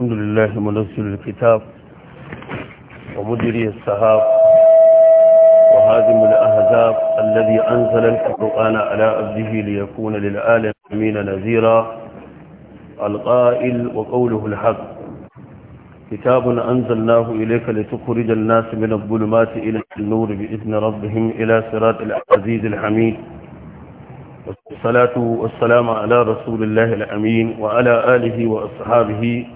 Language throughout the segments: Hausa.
الحمد لله منزل الكتاب ومدري السحاب وهادم الأهزاب الذي أنزل القرآن على عبده ليكون للعالمين نذيرا القائل وقوله الحق كتاب أنزلناه إليك لتخرج الناس من الظلمات إلى النور بإذن ربهم إلى صراط العزيز الحميد والصلاة والسلام على رسول الله الأمين وعلى آله وأصحابه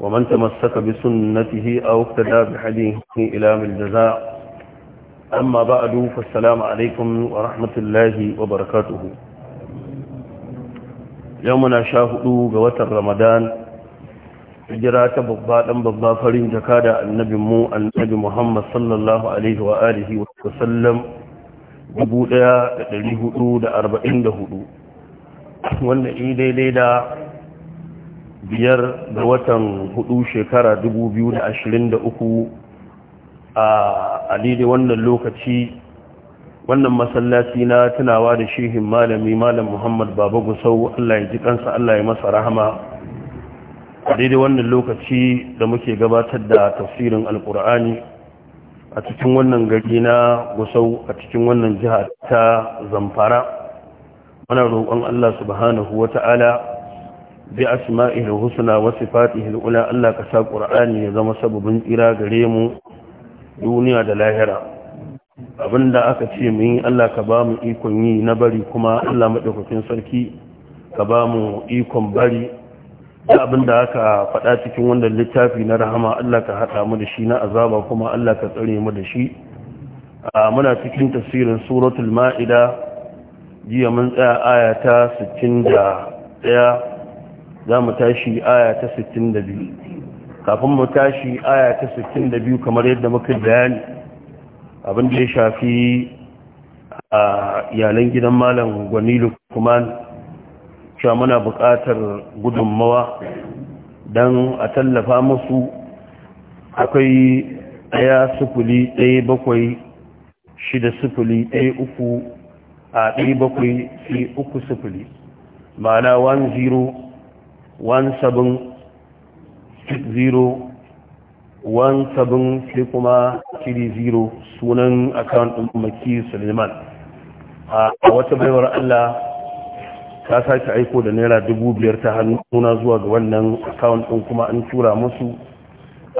ومن تمسك بسنته أو اقتدى بحديه إلى من الجزاء أما بعد فالسلام عليكم ورحمة الله وبركاته يومنا شاهدوا قوة رمضان hijira ta babba dan babba farin jaka da annabin mu annabi Muhammad sallallahu alaihi wa alihi wa sallam 1444 wannan yi daidai da biyar da watan hudu shekara 2023 a daidai wannan lokaci wannan masallaci na tunawa da shehin malami malam muhammad baba gusau allah ya ji kansa allah ya masa rahama a daidai wannan lokaci da muke gabatar da tafsirin alkur'ani a cikin wannan gari na gusau a cikin wannan jiha ta zamfara muna roƙon allah subhanahu wata'ala بأسمائه الحسنى وصفاته allah ka sa قرآن ya zama إلى قريم gare mu abin da aka ce mu yi Allah ka ba mu ikon yi na bari kuma Allah maɗaukakin sarki ka ba mu ikon bari da abin da aka faɗa cikin wanda littafi na rahama Allah ka haɗa mu da shi na azaba kuma Allah ka tsare mu da shi a'a muna cikin tafsirin suratul ma'ida jiya mun tsaya aya ta 61 za mu tashi aya ta 62 kafin mu tashi aya ta 62 kamar yadda muka bayani abin da ya shafi a yalan gidan malam gwanilu kuma cewa muna buƙatar gudunmawa don a tallafa musu akwai ɗaya sufuli ɗaya bakwai shida sufuli ɗaya uku a ɗaya bakwai sai uku sufuli ma'ana 1760 sai kuma zero sunan account ɗin maki suleiman a wata baiwar allah ta sake aiko da naira dubu biyar ta hannuna zuwa ga wannan account ɗin kuma an tura musu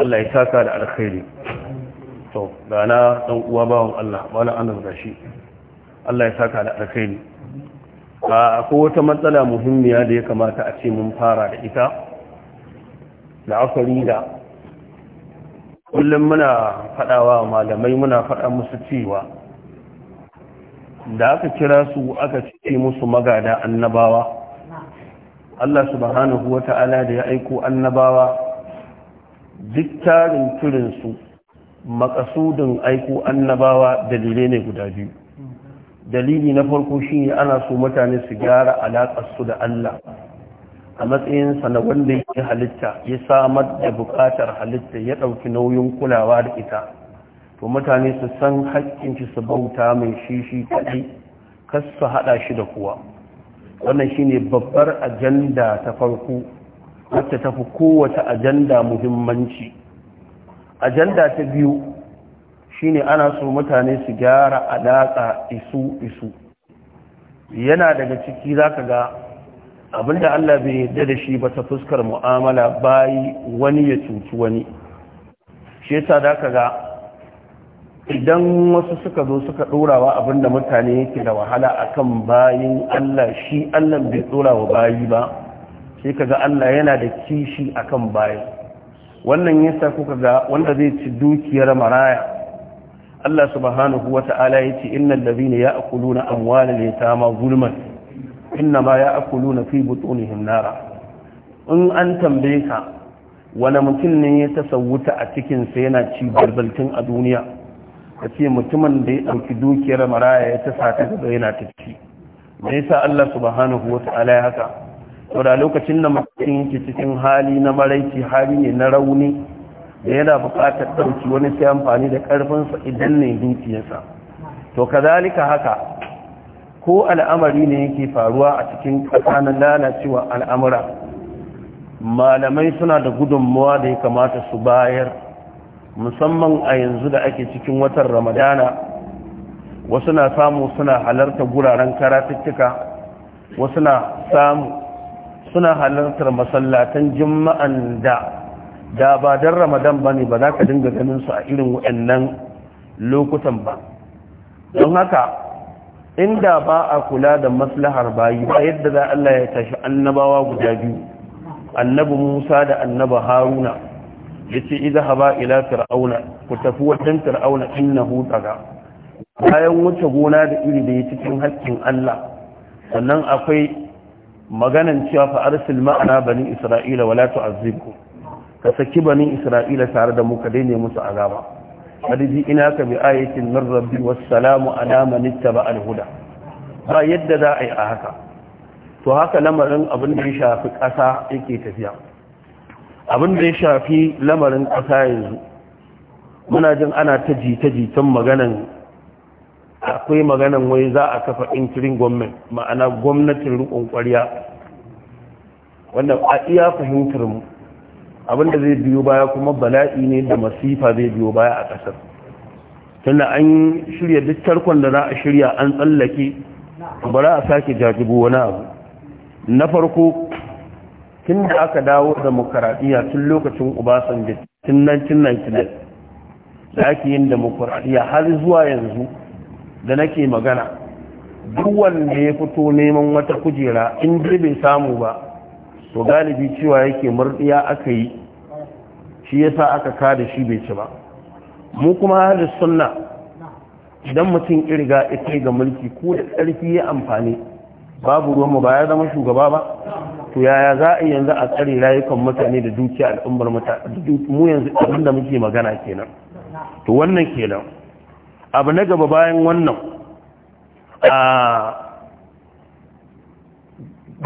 allah ya saka da alkhairi to gana ɗan uwa bawan allah wani annan gashi allah ya saka da alkhairi akwai wata matsala muhimmiya da ya kamata a ce mun fara da ita da asali da kullum muna faɗawa malamai muna faɗa musu cewa da aka kira su aka ce musu magada annabawa Allah subhanahu wata'ala da ya aiko annabawa duk tarin turinsu makasudin aiko annabawa dalilai ne guda biyu dalili na farko shi ana so mutane su gyara su da Allah a matsayinsa na wanda ya halitta ya samar da buƙatar halitta ya ɗauki nauyin kulawa da ita to mutane su san haƙƙinci su bauta mai shi shi kaɗai kas su haɗa shi da kuwa wannan shi ne babbar ajanda ta farko wacce ta fi kowace ajanda muhimmanci ajanda ta biyu shine ana so mutane su gyara alaƙa isu isu yana daga ciki zaka ga abinda Allah bai yarda da shi ba ta fuskar mu'amala bayi wani ya cuci wani shi yasa zaka ga idan wasu suka zo suka ɗorawa abinda mutane yake da wahala akan bayin Allah shi Allah bai dora wa bayi ba sai kaga Allah yana da kishi akan bayi wannan yasa kuka ga wanda zai ci dukiyar maraya Allah subhanahu wa ta'ala ya ce innan da zini ya akulu na amwalin ne ta ma gulman, inna ma ya akulu na fi butunihin nara in an tambaye ka wani mutum ne ya tasawuta a cikinsa yana ci barbaltin a duniya ka ce mutumin da ya ɗauki dukiyar maraya ya tasa ta gaba yana ta ci me yasa Allah subhanahu wa ta'ala ya haka saboda lokacin da mutum yake cikin hali na maraici hali ne na rauni da yana buƙatar ɗauki wani sai amfani da ƙarfinsa idan ne dukiyarsa to kazalika haka ko al'amari ne yake faruwa a cikin ƙasanin lalacewa al'amura malamai suna da gudunmawa da ya kamata su bayar musamman a yanzu da ake cikin watan ramadana wasu na samu suna halarta guraren karatuttuka wasu na samu suna halartar masallatan jima'an da da ba dan ramadan ba ne ba za ka dinga ganin su a irin waɗannan lokutan ba don haka inda ba a kula da maslahar bayi ba yadda za Allah ya tashi annabawa guda biyu annabi Musa da annabi Haruna yace haba ila fir'auna ku tafi wajen fir'auna innahu taga bayan wuce gona da iri da ya cikin haƙƙin Allah sannan akwai maganan cewa fa arsil ma'ana bani isra'ila wala tu'azzibhum ka saki banin isra'ila tare da mu ka daina musu azaba hadisi ina ka bi ayatin min rabbi wassalamu ala man ittaba alhuda ba yadda za a yi a haka to haka lamarin abin da ya shafi ƙasa yake tafiya abin da ya shafi lamarin kasa yanzu muna jin ana ta jita-jitan maganan akwai maganan wai za a kafa intirin gwamnati ma'ana gwamnatin rukun kwarya Wannan a iya fahimtar mu da zai biyo baya kuma bala'i ne da masifa zai biyo baya a ƙasar tunda an shirya duk tarkon da za a shirya an tsallake ba za a sake jajibo wani abu na farko tun da aka dawo demokaradiyya tun lokacin obasanjo tun 1999 da ake yin demokaradiyya har zuwa yanzu da nake magana duk wanda ya fito neman wata kujera in dai bai samu ba to galibi cewa yake murdiya aka yi shi yasa aka kada shi bai ci ba mu kuma da sunna idan mutum irga ita ga mulki ko da tsarki ya amfani babu ruwanmu ba ya zama shugaba ba to yaya za a yanzu a tsare rayukan mutane da dukiya al'ummar mutane mu yanzu abin da muke magana kenan to wannan kenan abu na gaba bayan wannan a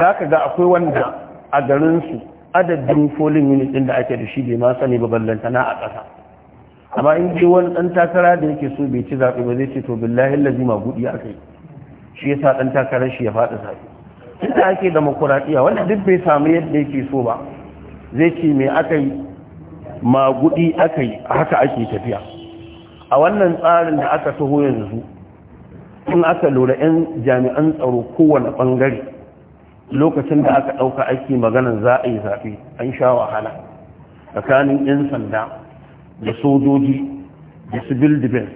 za ka ga akwai wanda a garinsu adadin polling unit din da ake da shi bai ma sani ba na a ƙasa amma in ji wani ɗan takara da yake so bai ci zaɓe ba zai ce to billahi ma gudi aka yi shi yasa ɗan takarar shi ya faɗi zaɓe da ake demokuraɗiyya wanda duk bai samu yadda yake so ba zai ce mai aka yi ma gudi aka yi haka ake tafiya a wannan tsarin da aka taho yanzu in aka lura 'yan jami'an tsaro kowane ɓangare lokacin da aka ɗauka aiki maganan za a yi zaɓe an sha wahala tsakanin 'yan sanda da sojoji da civil defense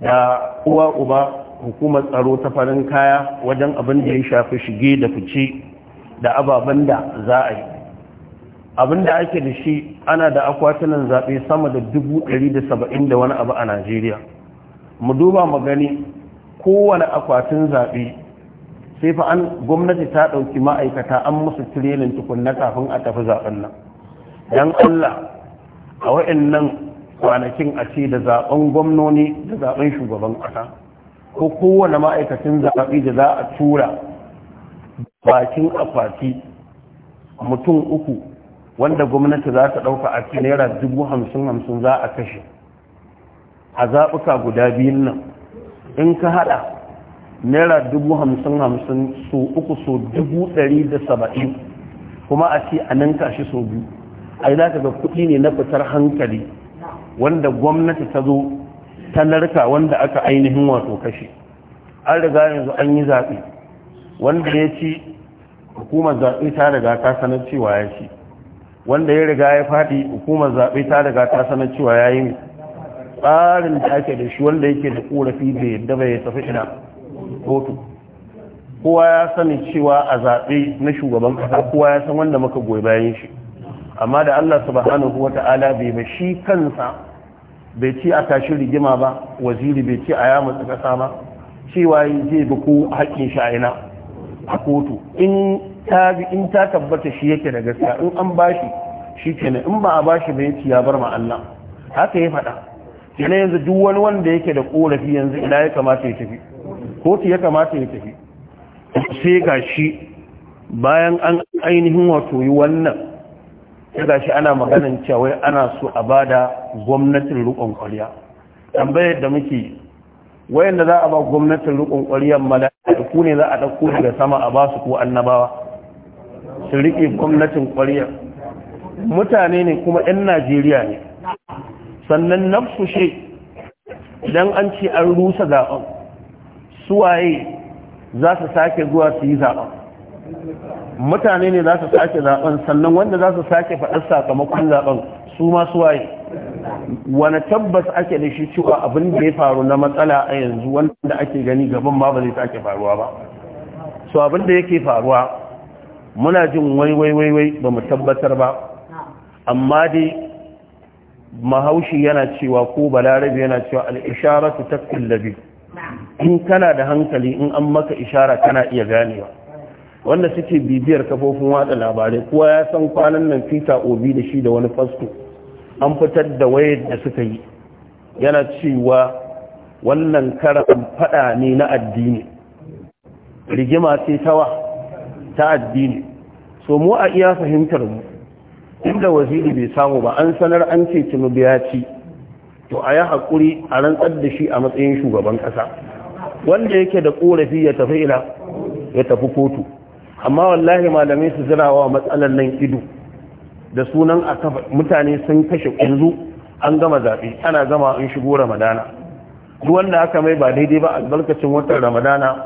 da uwa uba hukumar tsaro ta farin kaya wajen abin da ya shafi shige da fice da ababen da za a yi abin da ake da shi ana da akwatunan zaɓe sama da dubu 170 da saba'in da wani abu a najeriya mu duba magani kowane akwatin zaɓe sai fa an gwamnati ta ɗauki ma'aikata an musu tirenin tukunna kafin a tafi zaɓen nan don allah a wa'annan kwanakin a ce da zaben gwamnoni da zaben shugaban ƙasa ko kowane ma'aikacin zaɓi da za a tura bakin akwati mutum uku wanda gwamnati za ta ɗauka a ce naira dubu hamsin hamsin za a kashe a zaɓuka guda biyun nan in ka haɗa naira dubu hamsin hamsin so uku so dubu ɗari da saba'in kuma a ce a nan kashi so biyu A yi zaka ga kuɗi ne na fitar hankali wanda gwamnati ta zo ta narka wanda aka ainihin wato kashe an riga yanzu an yi zaɓe wanda ya ci hukumar zaɓe ta riga ta sanar cewa ya ci wanda ya riga ya faɗi hukumar zaɓe ta riga ta sanar cewa ya yi tsarin da ake da shi wanda yake da ƙorafi bai yadda bai tafi ina kotu kowa ya sani cewa a zaɓe na shugaban ƙasa kowa ya san wanda muka goyi bayan shi amma da Allah subhanahu wata'ala bai ba shi kansa bai ce a tashi rigima ba waziri bai ce a yamutsa ƙasa ba cewa je bi ko haƙƙin shi a ina a kotu in ta tabbata shi yake da gaskiya in an bashi shi kenan in ba a bashi bai yace ya bar ma Allah haka ya faɗa kenan yanzu duk wani wanda yake da ƙorafi yanzu ina ya kamata ya tafi kotu ya kamata ya tafi sai ga shi bayan an ainihin wato yi wannan sai ga shi ana maganin cewa ana so a ba da gwamnatin rukun kwariya tambayar da muke wayanda za a ba gwamnatin rukun kwariyar ku ne za a ɗauko daga sama a ba su ko annabawa su riƙe gwamnatin kwariyar mutane ne kuma 'yan najeriya ne sannan nafsu shi idan an ce an rusa zaɓen suwaye za su sake zuwa su yi zaɓen mutane ne za su sake zaɓen sannan wanda za su sake faɗar sakamakon zaɓen su ma suwaye wani tabbas ake da shi cewa abin da ya faru na matsala a yanzu wanda ake gani gaban ma ba zai sake faruwa ba so abin da yake faruwa muna jin wai wai wai wai ba mu tabbatar ba amma dai mahaushi yana cewa ko balarabe yana cewa al'isharatu ta kullabi in kana da hankali in an maka ishara kana iya ganewa wanda suke bibiyar kafofin watsa labarai kowa ya san kwanan nan fita obi da shi da wani fasko an fitar da wayar da suka yi yana cewa wannan karan fada ne na addini rigima ce tawa ta addini so mu a iya fahimtar mu inda waziri bai samu ba an sanar an ce tinubu ya ci to a yi haƙuri a rantsar da shi a matsayin shugaban ƙasa wanda yake da korafi ya tafi ina ya tafi kotu amma wallahi malamai su zira wa matsalar nan ido da sunan a mutane sun kashe kunzu an gama zaɓe ana gama an shigo ramadana duk wanda aka mai ba daidai ba albarkacin watan ramadana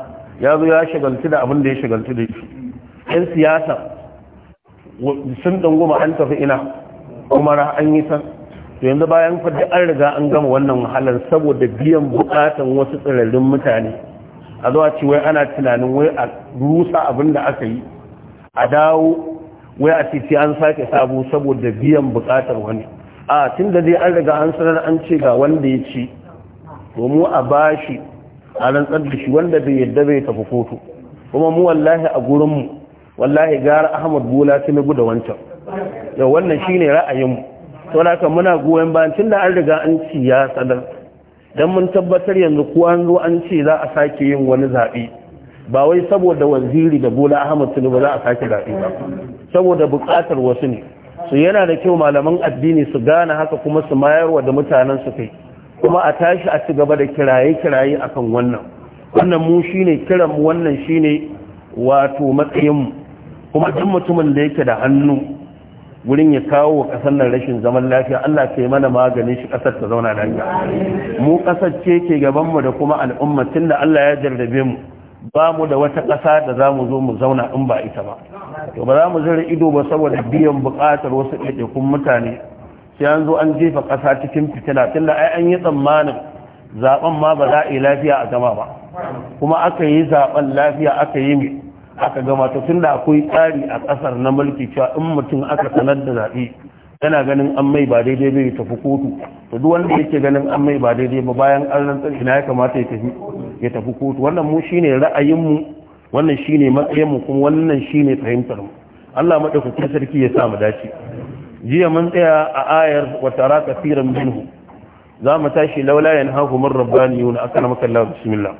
ya zo ya shagaltu da abin da ya shagaltu da shi yan siyasa sun dangoma an tafi ina kuma an yi san to yanzu bayan fadi an riga an gama wannan wahalar saboda biyan bukatan wasu tsirarrun mutane a zuwa ce wai ana tunanin wai a rusa abin da aka yi a dawo wai a titi an sake sabo saboda biyan bukatar wani a tun da dai an riga an sanar an ce ga wanda ya ci domin a bashi a rantsar da shi wanda bai yadda bai tafi kotu kuma mu wallahi a gurinmu wallahi gara ahmad bola tinubu da wancan yau wannan shine ra'ayinmu to haka muna goyon bayan tun da an riga an ci ya tsadar don mun tabbatar yanzu ko an zo an ce za a sake yin wani zaɓe ba wai saboda waziri da bola ahmad ba za a sake zaɓe ba saboda buƙatar wasu ne su yana da kyau malaman addini su gane haka kuma su mayarwa da mutanen su kai kuma a tashi a ci gaba da kiraye-kiraye akan wannan wannan mu shine kiran mu wannan shine wato matsayin mu kuma duk mutumin da yake da hannu wurin ya kawo kasar nan rashin zaman lafiya Allah ke mana maganin shi kasar ta zauna lafiya mu kasar ce ke gaban mu da kuma al'umma tunda Allah ya jarrabe mu ba mu da wata kasa da za mu zo mu zauna in ba ita ba to ba za mu zira ido ba saboda biyan buƙatar wasu ɗaiɗaikun mutane sai an zo an jefa kasa cikin fitina tunda ai an yi tsammanin zaben ma ba za a yi lafiya a gama ba kuma aka yi zaben lafiya aka yi aka gama ta da akwai tsari a kasar na mulki cewa in mutum aka sanar da zaɓe yana ganin an mai ba daidai bai tafi kotu to duk wanda yake ganin an mai ba daidai ba bayan an rantsar ina ya kamata ya tafi ya tafi kotu wannan mu shine ra'ayin mu wannan shine matsayin mu kuma wannan shine fahimtar mu Allah madaukakin sarki ya sa mu dace jiya mun tsaya a ayar wa tara kafiran minhu za mu tashi laula yanhahum rabbani yuna akana makallahu bismillah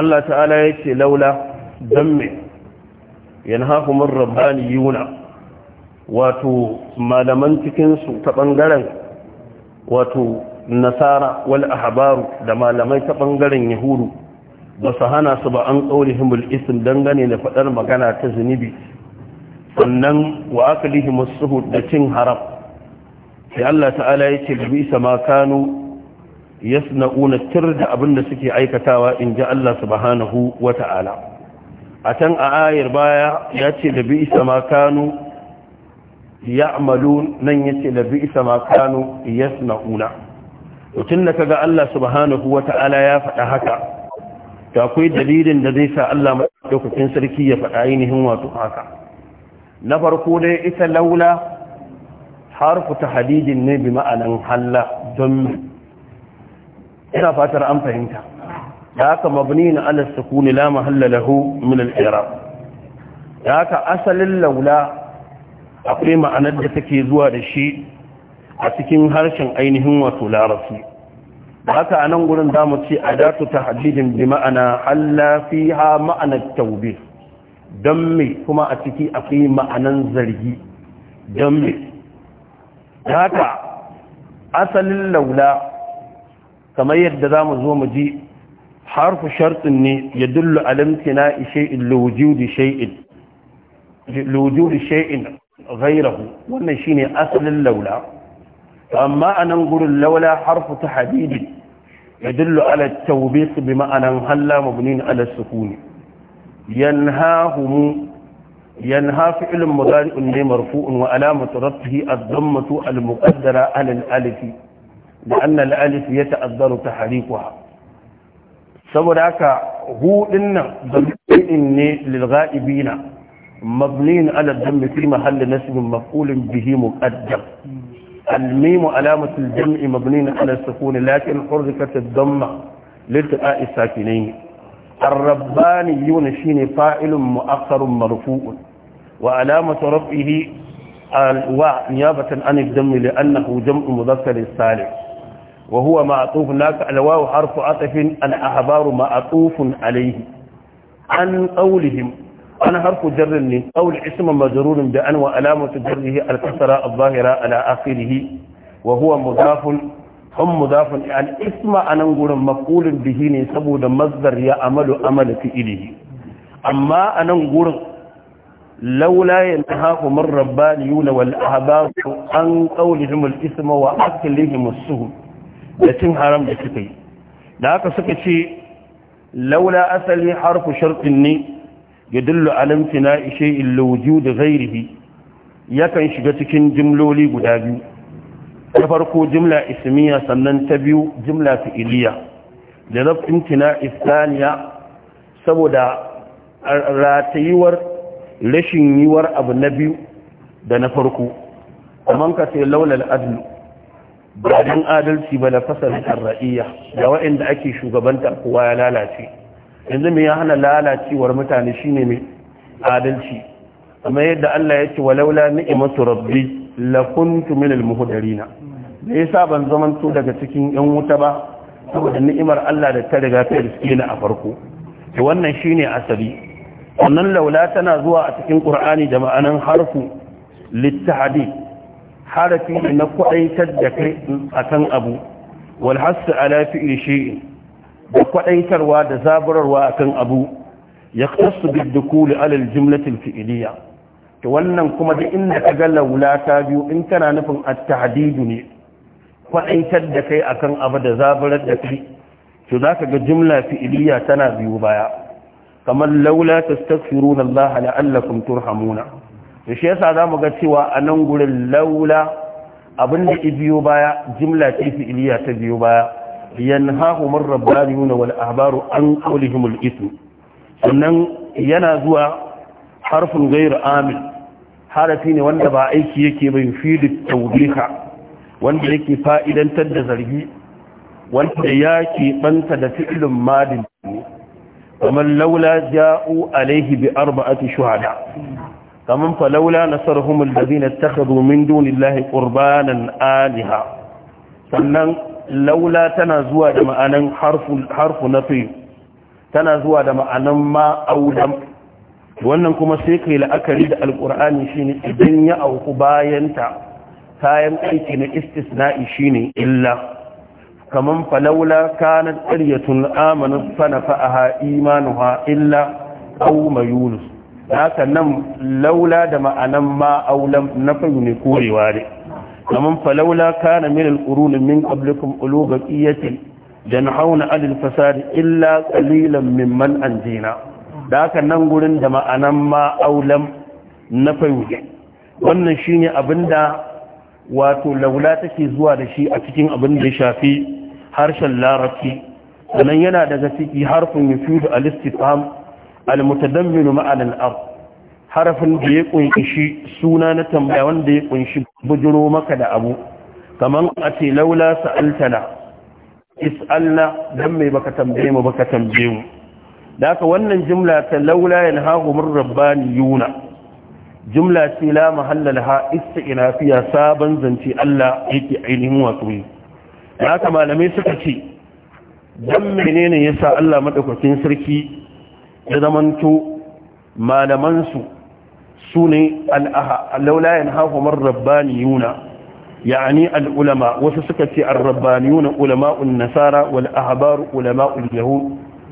Allah ta'ala ya ce laula don me yanhakumur rabbaniyuna wato malaman cikinsu ta ɓangaren wato nasara wal ahbaru da malamai ta ɓangaren yahudu ba su hana su ba an himul ism dangane da faɗar magana ta zunubi sannan wa aka lihi suhud da cin haram sai Allah ta'ala ya ce bi sama yasna'una tun da abin da suke aikatawa in ji Allah subhanahu wata'ala a can a ayar baya ya ce da bi isa ma kanu nan ya ce da bi isa ma yasna'una tun da kaga Allah subhanahu wata'ala ya faɗa haka da akwai dalilin da zai sa Allah madaukakin sarki ya faɗa ainihin wato haka na farko dai ita laula harfu ta hadijin ne bi ma'anan halla don ina fatar an fahimta da haka mabni na ala sukuni la mahalla min al-i'rab da haka asalin laula akwai ma'anar da take zuwa da shi a cikin harshen ainihin wato larasi da haka a nan gurin zamu ce ta tahdidin bi ma'ana alla ha-ma'anar tawbih don me kuma a ciki akwai ma'anan zargi dan me da haka asalin laula kamar yadda za mu zo mu ji harfu shartin ne ya dullu alimci na ishe iluju da shai'in zairahu wannan shine asalin laula amma a nan gurin laula harfu ta hadidi ya dullu alattaube su bi ma'anan halla mabini na alassuku ne yan ha fi ilin mazari'un ne marfu'un wa alamatu rafi a zammatu almuqaddara alal alifi لأن الألف يتأذر تحريفها سوداك هو إن ضمير للغائبين مبنين على الدم في محل نسب مفقول به مقدم الميم علامة الجمع مبنين على السكون لكن حركت الضم لالتقاء الساكنين الربانيون شين فائل مؤخر مرفوع وعلامة رفعه نيابة عن الدم لأنه جمع مذكر الثالث وهو معطوف ناك الواو حرف عطف الأحبار معطوف عليه عن قولهم أنا حرف جر قول اسم مجرور بأن وألامة جره الكسرة الظاهرة على آخره وهو مضاف هم مضاف الاسم أنا نقول مقول به سبود مصدر يعمل أمل في إليه أما أنا نقول لولا ينهاهم الربانيون والأحبار عن قولهم الاسم وأكلهم السهم da cin haram da suka yi da haka suka ce laula asali harfu shartin ne ya dullu alamtina ishe illoju da zairihi yakan shiga cikin jimloli guda biyu ta farko jimla ismiya sannan ta biyu jimla fi'iliya da zabtintina iskaniya saboda ratayuwar rashin yiwar abu na biyu da na farko kamar ka ce laulal adlu ba don adalci ba na fasar ra'iyya da waɗanda ake shugabanta kowa ya lalace yanzu mai ya hana lalacewar mutane shine mai adalci amma yadda Allah ya ce walaula ni'matu rabbi lakuntu minal muhdarina me yasa ban zamanto daga cikin yan wuta ba saboda ni'imar Allah da ta riga ta riske ni a farko to wannan shine asali wannan laula tana zuwa a cikin Qur'ani da ma'anan harfu littahdi harafi na kwaɗaitar da kai a kan abu walhassu ala fi'il shi'in da kwaɗaitarwa da zaburarwa a kan abu ya kasu biddukuli alal jimlatin fi'iliya ta wannan kuma da inda ka ga laula biyu in tana nufin attahadidu ne kwaɗaitar da kai a kan abu da zaburar da kai to za ka ga jimla fi'iliya tana biyu baya kamar laula ta stafiru na Allah la'allakum turhamuna da shi yasa za mu ga cewa a nan gurin laula abin da biyo baya jimla ce fi'iliya ta biyo baya yanhahu man na wani abaru an qawlihim himul ism sannan yana zuwa harfin gairu Amin harafi ne wanda ba aiki yake bai fili tawdiha wanda yake fa'idantar da zargi wanda ke banta da fi'ilin madin kamar laula ja'u alaihi bi arba'ati shuhada kaman falaula nasarhum alladhina ittakhadhu min dunillahi qurbanan aliha sannan laula tana zuwa da ma'anan harfu harfu nafi tana zuwa da ma'anan ma aulam wannan kuma sai kai la'akari da alqur'ani shine idan ya auku bayanta kayan aiki na istisna'i shine illa kaman falaula kanat qaryatun amanat fa nafa'aha imanuha illa aw mayunus haka nan laula da ma'anan ma'aulan na ne korewa ne kamar falaula kana min al-qurun min qablikum ulu baqiyatin yanhauna 'anil fasadi illa qalilan mimman anjina da haka nan gurin da ma'anan ma'aulan na ne wannan shine abinda wato laula take zuwa da shi a cikin abin da ya shafi harshen larabci sannan yana daga ciki harfin yufidu al-istifham al-mutadammin ma'al harafin da ya kunshi suna na tambaya wanda ya kunshi bujiro maka da abu kaman a ce laula sa'altana is'alna dan mai baka tambaye mu baka tambaye mu da wannan jumla ta laula yanhahumur rabbaniyuna jumla ce la mahallalaha isti'nafiya sabon zance Allah yake ainihin wato yi haka malamai suka ce dan menene yasa Allah madaukakin sarki ya zamanto malamansu su ne laulayen hafumar rabbaniyuna ya'ani al'ulama wasu suka ce al-rabbaniyuna ulama'un nasara wal ahbaru ulama'ul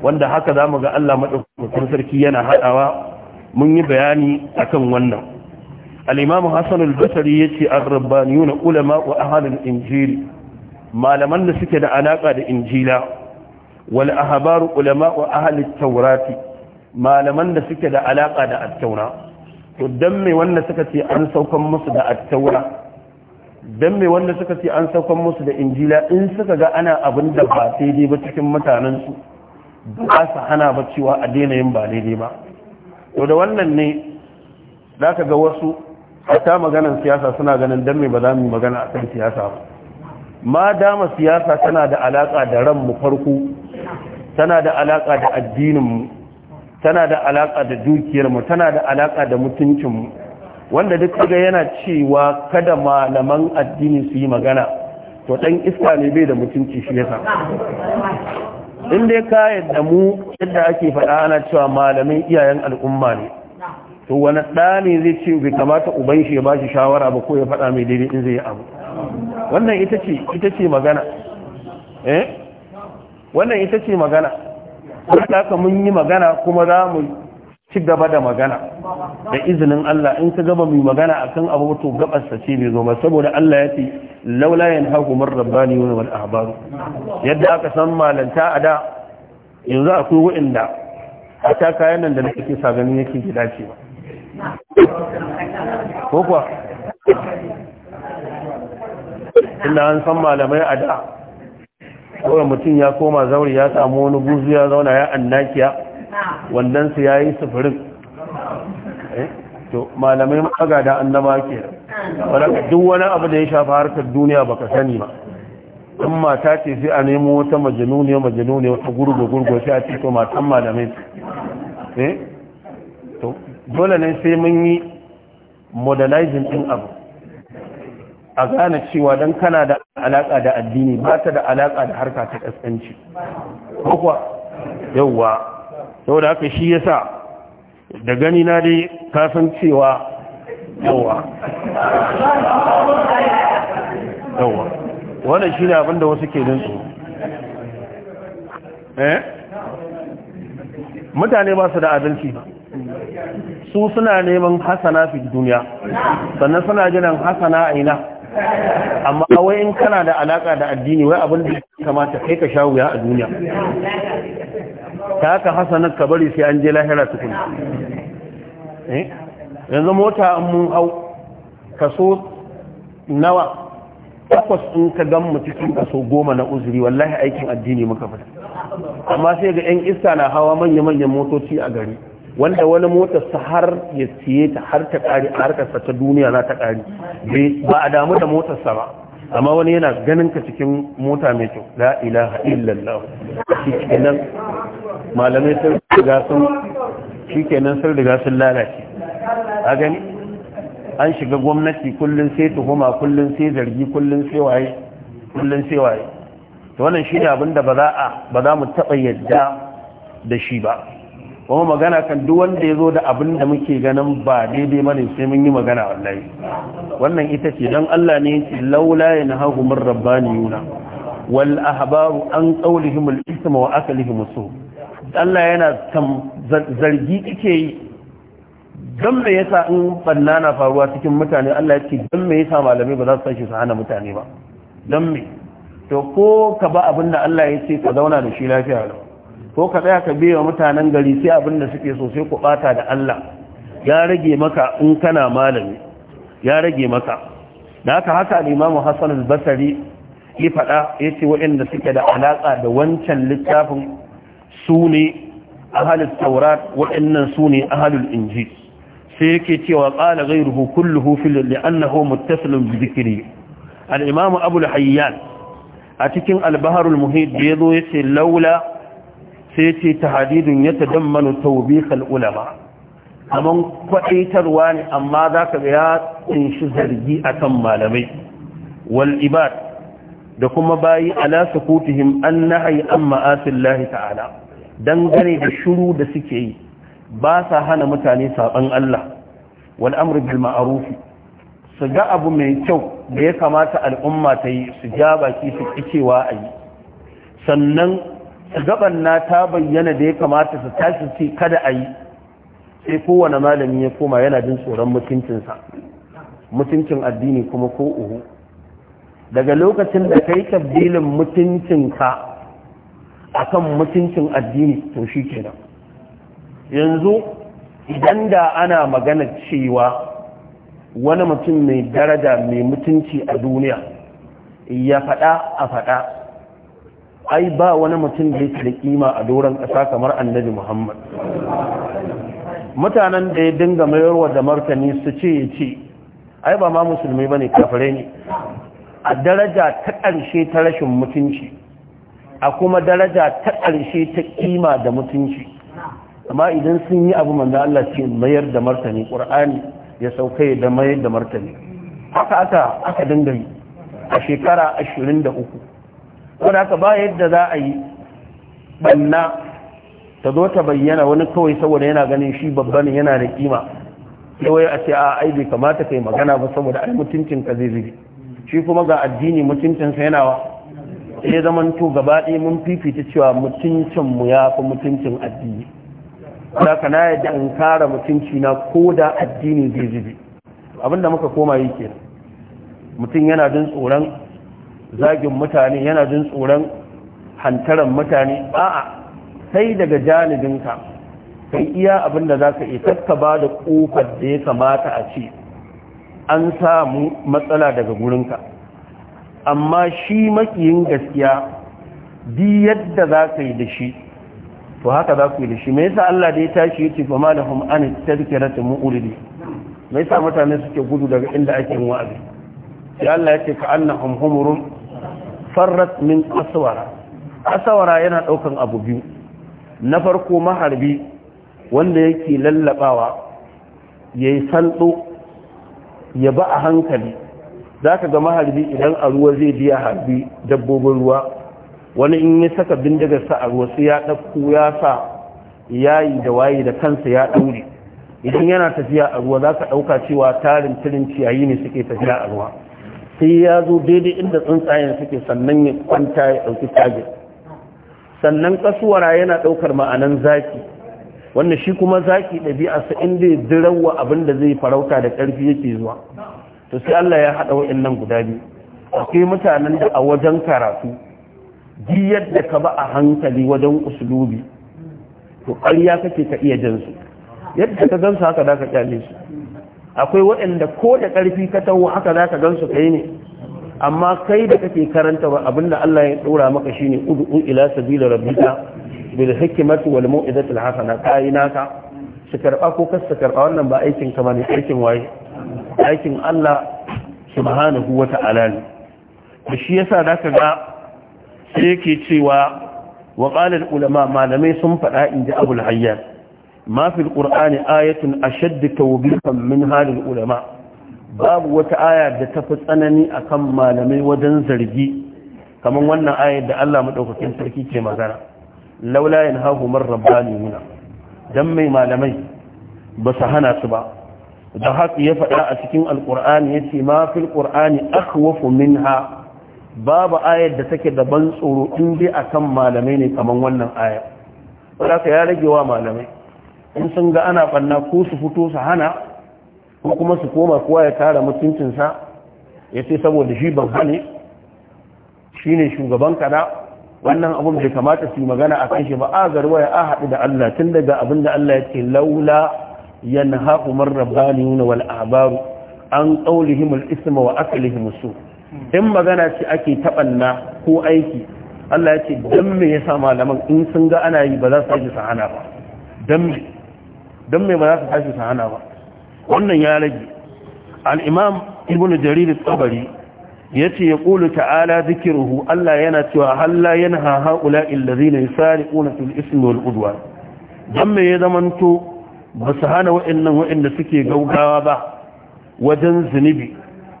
wanda haka za mu ga Allah maɗaukakin sarki yana haɗawa mun yi bayani akan wannan al'imamu hassan al-basari ya ce an rabbaniyu na ulama ahalin injili da suke da alaƙa da injila wal ahabaru ulama wa ahalin taurati malaman da suke da alaka da attaura to dan me wanda suka ce an saukan musu da attaura dan me wanda suka ce an saukan musu da injila in suka ga ana abin da ba daidai ba cikin mutanen su ba su hana ba cewa a daina yin ba daidai ba to da wannan ne zaka ga wasu ta maganan siyasa suna ganin dan me ba za mu magana akan siyasa ba ma dama siyasa tana da alaka da ran mu farko tana da alaka da addinin mu tana da alaka da dukiyarmu tana da alaka da mutuncinmu wanda duk kaga yana cewa kada malaman addini su yi magana to dan iska ne bai da mutunci shi yasa in dai ka yadda mu yadda ake faɗa ana cewa malamin iyayen al'umma ne to wani ɗa ne zai ce bai kamata uban shi ya ba shi shawara ba ko ya faɗa mai daidai in zai yi abu wannan ita ce magana eh wannan ita ce magana haka mun yi magana kuma za mu ci gaba da magana da izinin Allah in ka gaba mai magana a kan abu to gabarsa ce mai zo saboda Allah ya ce laula yanhaku mar rabbani wal ahbar yadda aka san malanta a da yanzu akwai wa'inda a ta kayan nan da nake sa ganin yake gida ce ko kuwa inda an san malamai a da kawai mutum ya koma zauri ya samu wani guzu ya zauna ya annakiya wandansu ya yi sufurin eh, to malamai magada annaba ke duk wani abu da ya shafa harkar duniya baka sani ba ɗan mata ce sai a nemo wata majanuniya majanuniya wata gurgo-gurgo sai a ce to matan malamai eh, to dole ne sai mun yi modernizing din abu a gane cewa don kana da alaƙa da addini ba ta da alaƙa da harka ta ƙasƙanci ko kuwa Yau da haka shi ya sa da gani na dai kasan cewa yauwa yauwa wanda shi ne abinda wasu ke don eh mutane ba su da adalci ba su suna neman hasana fi duniya sannan suna jiran hasana a ina amma wai in kana da alaka da addini wai abin da kamata kai ka sha wuya a duniya ta haka hasanar ka bari sai an je lahira tukun eh? yanzu mota an mun hau kaso nawa takwas in ka gan mu cikin kaso goma na uzuri wallahi aikin addini muka fita amma sai ga 'yan iska na hawa manya-manyan motoci a gari wanda wani motar su har ya siye ta har ta ƙari a harkarsa ta duniya na ta ƙari. ba a damu da motarsa ba amma wani yana ganin ka cikin mota mai kyau la ilaha illallah shikenan malamai sun riga sun shikenan sun riga sun lalace a gani an shiga gwamnati kullun sai tuhuma kullun sai zargi kullun sai waye kullun sai waye to wannan shi ne abin da ba za mu taɓa yadda da shi ba kuma magana kan duk wanda ya zo da abin da muke ganin ba daidai mane sai mun yi magana wallahi wannan ita ce don Allah ne ce laula ya na hagu min rabbani yuna wal ahbaru an qawlihim al ism wa akalihim su Allah yana zargi kike yi don me yasa in banna faruwa cikin mutane Allah ya ce me yasa malamai ba za su sake su hana mutane ba don me to ko ka ba abinda Allah ya ce ka zauna da shi lafiya lau ko ka tsaya ka biya mutanen gari sai abin da suke so sai ku bata da Allah ya rage maka in kana malami ya rage maka da haka haka al-Imam Hassan al-Basri ya faɗa yace waɗanda suke da alaka da wancan littafin su ne ahalul waɗannan su ne ahalul injil sai yake cewa qala ghayruhu kulluhu fil li'annahu muttasilun bi dhikri al-Imam Abu al-Hayyan a cikin al-Baharul Muhit da yazo yace laula sai ce dan yatadammanu taubikal ulama kaman kwa'itarwa ne amma za ka ga ya kunshi zargi akan malamai wal ibad da kuma bayi ala sukutihim an nahi an ma'asillahi ta'ala dangane da shiru da suke yi ba sa hana mutane saban Allah wal amru bil ma'ruf su ga abu mai kyau da ya kamata al'umma ta yi su ja baki su cewa a yi sannan gaban na ta bayyana da ya kamata su tashi ce kada a yi sai kowane malami ya koma yana jin tsoron mutuncinsa mutuncin addini kuma ko uhu daga lokacin da kai tabbilin mutuncinka a kan mutuncin addini to shi kenan yanzu idan da ana magana cewa wani mutum mai daraja mai mutunci a duniya ya faɗa a faɗa ai ba wani mutum da yake da kima a doron ƙasa kamar annabi muhammad mutanen da ya dinga mayar wa da martani su ce ya ce ai ba ma musulmi ba ne kafare ne a daraja ta ƙarshe ta rashin mutunci a kuma daraja ta ƙarshe ta kima da mutunci amma idan sun yi abu manzo Allah ce mayar da martani qur'ani ya sauka da mayar da martani haka aka aka dinga yi a shekara 23 ko da ba yadda za a yi banna ta zo ta bayyana wani kawai saboda yana ganin shi babban yana da kima kawai a ce a ai bai kamata kai magana ba saboda ai mutuncin ka zai zai shi kuma ga addini mutuncin sa yana wa sai zaman to gaba ɗaya mun fifita cewa mutuncin mu ya fi mutuncin addini da ka na yadda in kara mutunci na ko da addini zai zai abinda muka koma yi kenan mutum yana jin tsoron zagin mutane yana jin tsoron hantaran mutane a'a sai daga janibinka kai iya abin da za ka yi ba da kofar da ya kamata a ce an samu matsala daga gurinka amma shi makiyin gaskiya bi yadda za ka yi da shi to haka za ku yi da shi mai yasa Allah da ya tashi ya ce fa malahum an tadhkiratu mu'ridi mai yasa mutane suke gudu daga inda ake yin wa'azi sai Allah ya ce ka annahum humurun farrat min aswara aswara yana daukan abu biyu na farko maharbi wanda yake lallabawa yayi saldo ya ba a hankali zaka ga maharbi idan a ruwa zai biya harbi dabbobin ruwa wani in ya saka bindigarsa a ruwa sai ya dauko ya sa yayi da waye da kansa ya daure idan yana tafiya a ruwa zaka dauka cewa tarin tirin ciyayi ne suke tafiya a ruwa sai ya zo daidai inda tsuntsayen suke sannan ya kwanta ya ɗauki target sannan kasuwara yana ɗaukar ma'anan zaki wannan shi kuma zaki ɗabi'arsa inda ya dirawa abin da zai farauta da ƙarfi yake zuwa to sai Allah ya haɗa wa'annan guda biyu akwai mutanen da a wajen karatu ji yadda ka ba a hankali wajen usulubi to ƙarya kake ka iya jansu yadda ka gansu haka da ka kyale su akwai waɗanda ko da ƙarfi ka tawo haka za ka gan su kai ne amma kai da kake karanta ba abinda Allah ya ɗora maka shine ud'u ila sabila rabbika bil hikmati wal mu'izati al hasana kai naka su karba ko ka su karba wannan ba aikin ka bane aikin waye aikin Allah subhanahu wa ta'ala ne shi yasa ka ga sai yake cewa wa qala al ulama malamai sun faɗa inji abul hayyan ma fil qur'ani ayatun ashaddu tawbihan min halil ulama babu wata aya da tafi tsanani akan malamai wajen zargi kaman wannan ayar da Allah madaukakin sarki ke magana laula yanhahu man huna dan mai malamai ba su hana su ba da haka ya faɗa a cikin alƙur'ani ya ce ma fil ƙur'ani akhwafu minha babu ayar da take da ban tsoro in dai akan malamai ne kaman wannan ayar saboda ya rage wa malamai in sun ga ana banna ko su fito su hana ko kuma su koma kowa ya tara mutuncinsa ya ce saboda shi ban hane shi ne shugaban kada wannan abin bai kamata su yi magana a kan shi ba a garwa ya a haɗu da Allah tun daga abin da Allah ya ce laula yana haƙu marrabaniyuna wal abaru an ƙaulihimul isma wa akalihimul su in magana ce ake taɓanna ko aiki Allah ya ce don me ya sa malaman in sun ga ana yi ba za su yi su hana ba don me don mai ba za su tashi su hana ba wannan ya rage al'imam ibn jarir tsabari ya ce ya ƙulu ta'ala zikiruhu Allah yana cewa halla yana haha ula illazi na yusari ƙuna fil ismi wal udwa don mai ya zamanto ba su hana wa'annan wa'anda suke gaugawa ba wajen zunubi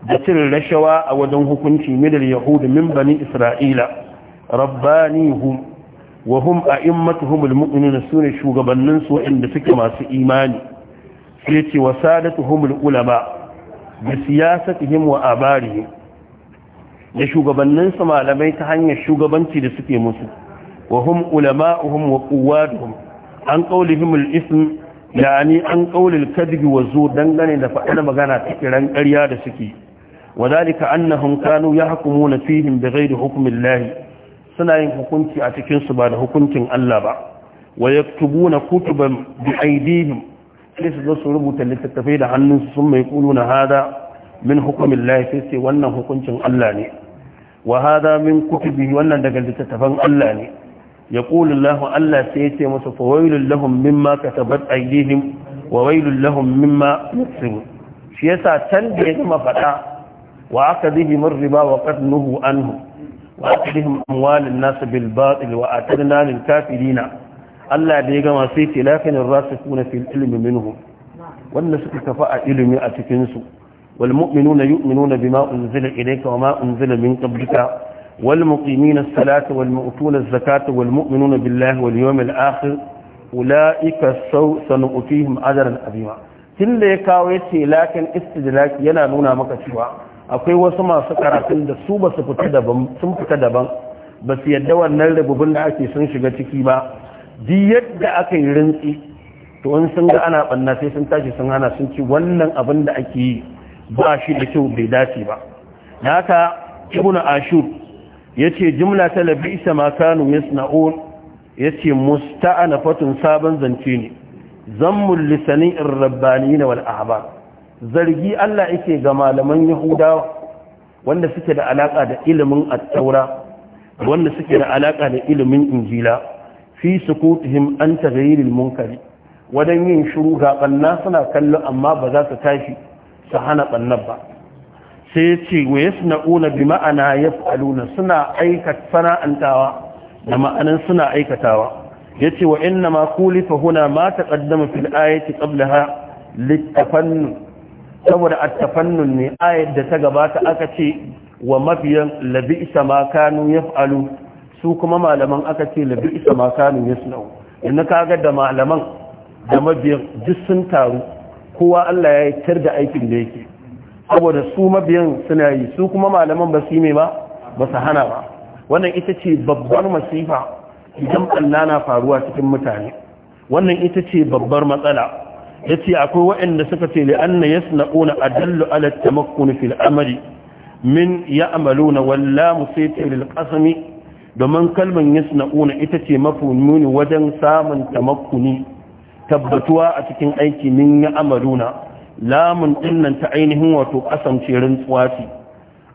da cin rashawa a wajen hukunci midar yahudu min bani isra'ila rabbani hum wa hum a'immatuhumul mu'minun sune shugabannin su wanda suke masu imani sai yace wa sadatuhumul ulama bi siyasatihim wa abarihim da shugabanninsu malamai ta hanyar shugabanci da suke musu wa hum ulama'uhum wa quwwatuhum an qawlihim al-ism yani an qawlil kadhib wa dangane da faɗar magana ta kiran ƙarya da suke وذلك أنهم كانوا يحكمون فيهم بغير da الله suna yin hukunci a cikinsu ba da hukuncin Allah ba wa yaktubuna kutuban bi aidihim sai su zo su rubuta littattafai da hannunsu sun mai kuluna hada min hukumin lahi sai wannan hukuncin Allah ne wa hada min kutubi wannan daga littattafan Allah ne ya kula Allah Allah sai ya ce masa fa wailul lahum mimma katabat aidihim wa wailul lahum mimma yaksubun shi yasa can da ya gama faɗa wa aka zihi riba wa qad nuhu anhu وأكلهم أموال الناس بالباطل وأعتدنا للكافرين Allah da ya gama sai ce lafinin rasikuna fil ilmi minhum wanda suka kafa a ilimi a cikin su wal mu'minuna yu'minuna bima unzila ilayka wama unzila min qablika wal muqimina as-salata wal mu'tuna az-zakata wal mu'minuna billahi wal tunda ya kawo yace lakin istidlak yana nuna maka cewa akwai wasu masu karatun da su basu su fita daban sun fita daban ba su yadda wannan rububin da ake sun shiga ciki ba di yadda aka yi rintsi to in sun ga ana banna sai sun tashi sun hana sun ci wannan abin da ake yi ba shi da kyau bai dace ba na haka ibn ashur yace jumla ta labisa ma kanu yasna'un yace musta'anafatun sabon zance ne zammul lisanin rabbani wal ahbar zargi Allah yake ga malaman yahudawa wanda suke da alaka da ilimin at-taura wanda suke da alaka da ilimin injila fi sukutihim an taghyiril munkari wadan yin shiru ga banna suna kallo amma ba za su tashi su hana bannan ba sai ya ce wa yasna'una bi ma'ana yaf'aluna suna aikata sana'antawa da ma'anan suna aikatawa yace wa inna ma kulifa huna ma taqaddama fil ayati qablaha litafannu saboda a tafannin ne ayar da ta gabata aka ce wa mafiyan isa ma kanu fa’alu su kuma malaman aka ce isa ma kanu suna inda kaga da malaman da mabiyan duk sun taru kowa Allah ya yi da aikin da yake saboda su mabiyan suna yi su kuma malaman ba su yi mai ba ba su hana ba wannan ita ce babbar masifa idan Allah na faruwa cikin mutane wannan ita ce babbar matsala yace akwai waɗanda suka ce li anna a adallu ala at-tamakkun fil amali min ya'maluna walla musitir lil qasmi domin kalman yasna'una ita ce mafhumuni wajen samun tamakkuni tabbatuwa a cikin aiki min ya'maluna lamun dinnan ta ainihin wato kasance rantsuwa ce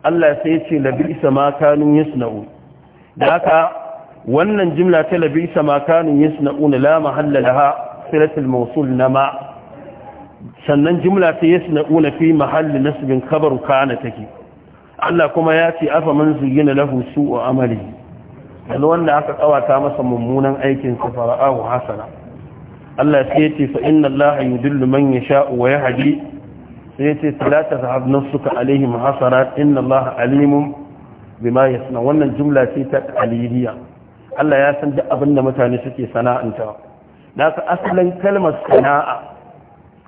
Allah sai ya ce labisa ma yasna'u da haka wannan jimla ta labisa ma kanu yasna'una la mahalla laha silatul mawsul na ma sannan jimla ta yi na ƙuna fi mahalli nasibin kabar kana take Allah kuma ya ce afa man zuyina lahu su'u amali yanzu wanda aka kawata masa mummunan aikin sa fara'ahu hasana Allah sai ya ce fa inna Allah yudillu man yasha'u wa yahdi sai ya ce la tazhab nafsuka alaihim hasarat inna Allah alimun bima wannan jumla ce ta aliriya Allah ya san duk abin da mutane suke sana'anta da ka asalin kalmar sana'a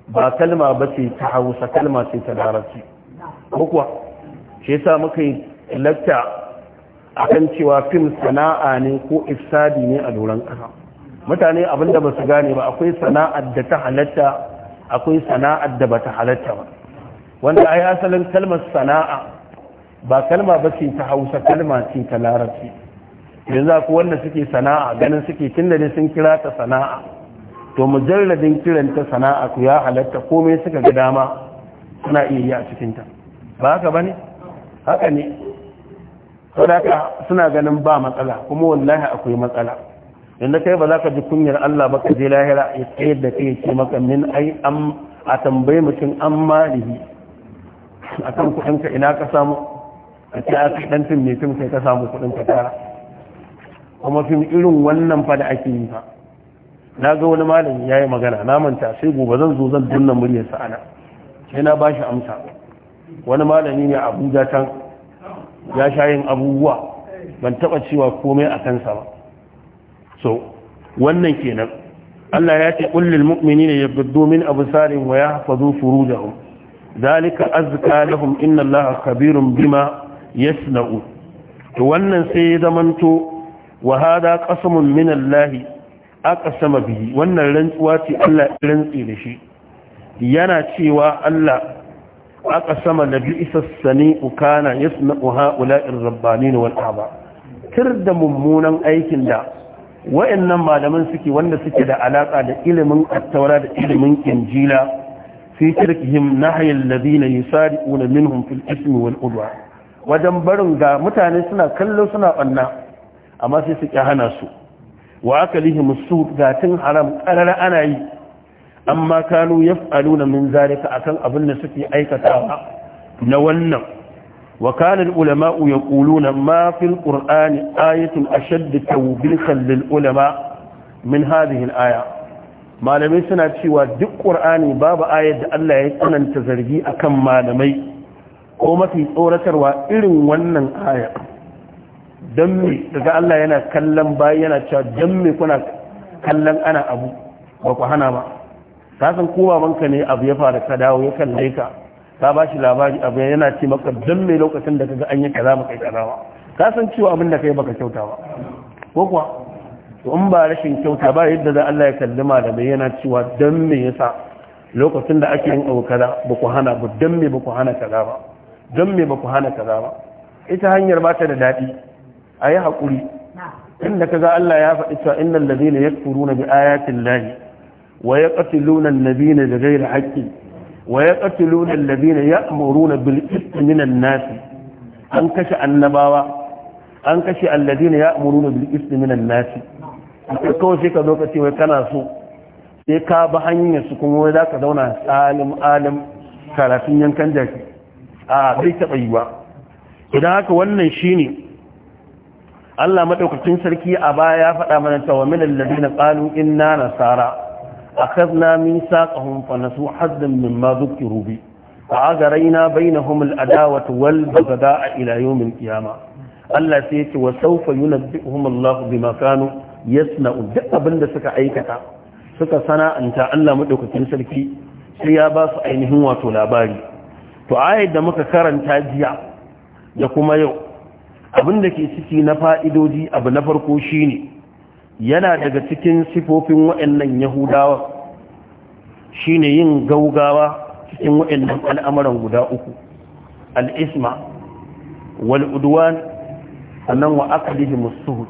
ba kalma ba ce ta hausa kalma ce ta larabci kuwa shi yasa muka yi lakta akan cewa fim sana'a ne ko ifsadi ne a doron ƙasa mutane abinda ba su gane ba akwai sana'ar da ta halatta akwai sana'ar da ba ta halatta ba wanda ai asalin kalmar sana'a ba kalma ba ce ta hausa kalma ce ta larabci yanzu ko wanda suke sana'a ganin suke tun da sun kira ta sana'a to mujalladin kiranta sana'a ku ya halatta komai suka ga dama suna iya yi a cikinta ba haka ba ne haka ne saboda suna ganin ba matsala kuma wallahi akwai matsala inda kai ba za ka ji kunyar Allah ba ka je lahira ya tsaye da kai ce maka min ai am a tambaye mutum an malihi a kan kuɗinka ina ka samu a ce a ɗan fim ne fim sai ka samu kuɗin ka tara kuma fim irin wannan fa da ake yi fa na ga wani malami ya yi magana na manta sai gobe zan zo zan dunna muryar sa'ana sai na ba shi amsa wani malami ne abuja can ya sha yin abubuwa ban taba cewa komai a kansa ba so wannan kenan Allah ya ce kullil mu'minina yabuddu min absarihim wa yahfazu furujahum zalika azka lahum inna Allaha khabirun bima yasna'u to wannan sai ya zamanto wa hada qasamun min Allah sama bihi wannan rantsuwa ce Allah rantsi da shi yana cewa Allah aqsama nabi isassani ukana yasna'u ha'ula'ir rabbanin wal aba tir da mummunan aikin da wayannan malaman suke wanda suke da alaka da ilimin at da ilimin injila fi tirkihim nahyal ladina yusari'una minhum fil ismi wal udwa wajen barin ga mutane suna kallo suna ɓanna, amma sai suke hana su wa akalihim su gatin haram karara ana yi amma kanu yaf'aluna min zalika akan abin da suke aikatawa na wannan wa kana al-ulama'u yaquluna ƙurani fil qur'ani ayatun ashadd tawbihan lil ulama min hadhihi aya malamai suna cewa duk ƙur'ani babu ayat da Allah ya tsananta zargi akan malamai ko mafi tsoratarwa irin wannan ayat don me daga Allah yana kallon bayi yana cewa don me kuna kallon ana abu ba ku hana ba ka san ko babanka ne abu ya fara ka dawo ya kalle ka ka ba shi labari abu yana ce maka don me lokacin da kaga an yi kaza maka kaza ba ka san cewa abin da kai baka kyauta ba ko kuwa to in ba rashin kyauta ba yadda da Allah ya kalli malamai yana cewa don me yasa lokacin da ake yin abu kaza ba ku hana ba don me ba ku hana kaza ba don me ba ku hana kaza ba ita hanyar ba ta da daɗi a yi haƙuri inda ka ga Allah ya faɗi cewa ya ladina na bi ayatin lahi wa yaqtuluna an-nabiyina bi ghairi haqqin wa yaqtuluna alladhina ya'muruna bil na minan nas an kashe annabawa an kashe alladhina ya'muruna na ithmi minan nas kawai sai ka zo ka ce wai kana so sai ka bi hanyar su kuma wai za ka zauna salim alim karatun yankan jaki a bai taɓa yi ba idan haka wannan shine Allah madaukakin sarki a baya ya faɗa mana cewa min alladina qalu inna nasara akhadna mithaqahum fa nasu haddan mimma dhukiru bi fa agaraina bainahum al-adawatu wal baghdha'a ila yawm al-qiyamah Allah sai yace wa sawfa yunabbihum Allah bima kanu yasna'u duk abinda suka aikata suka sana'anta Allah madaukakin sarki sai ya ba su ainihin wato labari to ayat da muka karanta jiya da kuma yau abin da ke ciki na fa'idoji abu na farko shi ne. yana daga cikin sifofin nan yahudawa shi ne yin gaugawa cikin nan al'amuran guda uku al'isma wal’uduwan sannan wa akalihi musuhu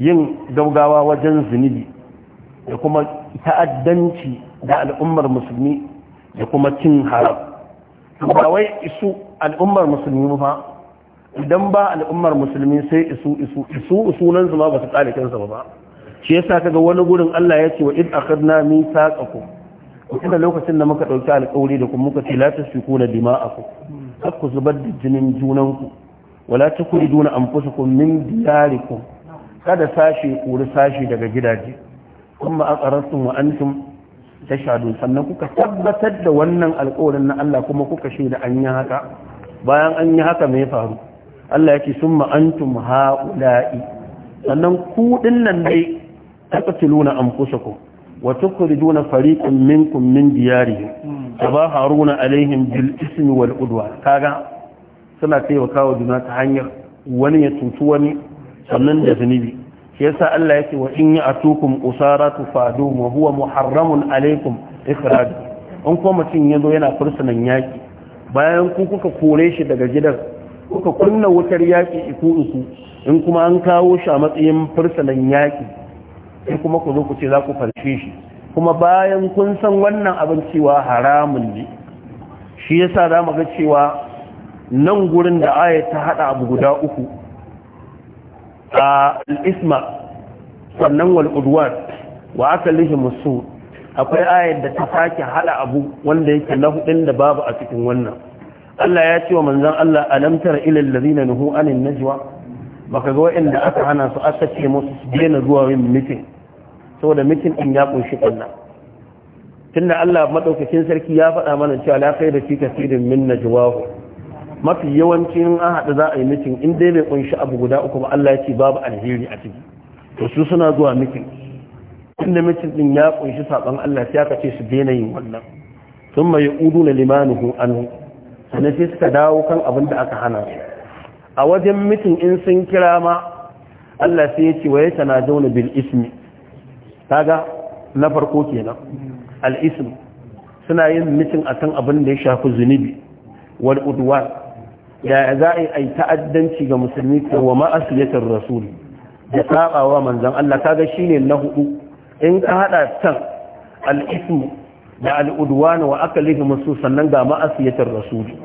yin gaugawa wajen zunubi da kuma ta'addanci da al'ummar musulmi da kuma cin haram ba wai isu al'ummar musulmi ba idan ba al'ummar musulmi sai isu isu isu usulan su ma ba su kare kansa ba shi yasa kaga wani gurin Allah ya ce wa id akhadna mithaqakum kuma lokacin da muka dauki alƙawari da kuma muka ce la tasfikuna dima'akum kar ku zubar da jinin junanku wala tukuriduna anfusakum min diyarikum kada sashi kuri sashi daga gidaje kuma aqarrtum wa antum tashadu sannan kuka tabbatar da wannan alƙawarin na Allah kuma kuka shaida an yi haka bayan an yi haka me ya faru Allah yake summa antum haula'i sannan ku dinnan dai taqtuluna anfusakum wa tukhrijuna fariqan minkum min diyarihim tabaharuna alaihim bil ismi wal udwa kaga suna taimakawa juna ta hanyar wani ya tutu wani sannan da zunubi shi yasa Allah yake wa in ya'tukum usara Fadu wa huwa muharramun alaikum ikhraj in ko mutum yazo yana fursunan yaki bayan ku kuka kore shi daga gidan kuka kunna wutar yaƙi iku iku in kuma an kawo shi a matsayin fursunan yaƙi sai kuma ku zo ku ce za ku farshe shi kuma bayan kun san wannan abin cewa haramun ne shi yasa za mu ga cewa nan gurin da aya ta haɗa abu guda uku a isma sannan wal wal'udwar wa aka lihi musu akwai ayar da ta sake haɗa abu wanda yake na hudun da babu a cikin wannan Allah ya ce wa Manzan Allah alam tara ila allazina nuhu anin najwa baka ga wa'anda aka hana su aka ce musu su daina zuwa yin mitin saboda mitin din ya kunshi kunna tunda Allah madaukakin sarki ya faɗa mana cewa la ka fi din min najwahu mafi yawancin an haɗa za a yi mitin in dai bai kunshi abu guda uku ba Allah ya ce babu alheri a ciki to su suna zuwa mitin tunda mitin din ya kunshi saɓan Allah sai aka ce su daina yin wannan ثم mai uduna limanuhu anhu sannan sai suka dawo kan abin da aka hana a wajen mitin in sun kira ma Allah sai ya ce wa yata na zaune bil ismi kaga na farko kenan al ism suna yin mitin akan abin da ya shafi zunubi wal udwan ya za a yi ta'addanci ga musulmi ko wa asliyatar rasul da sabawa manzon Allah kaga shine na hudu in ka hada tan al ismu da al'udwana wa akalihi musu sannan ga ma'asiyatar rasuli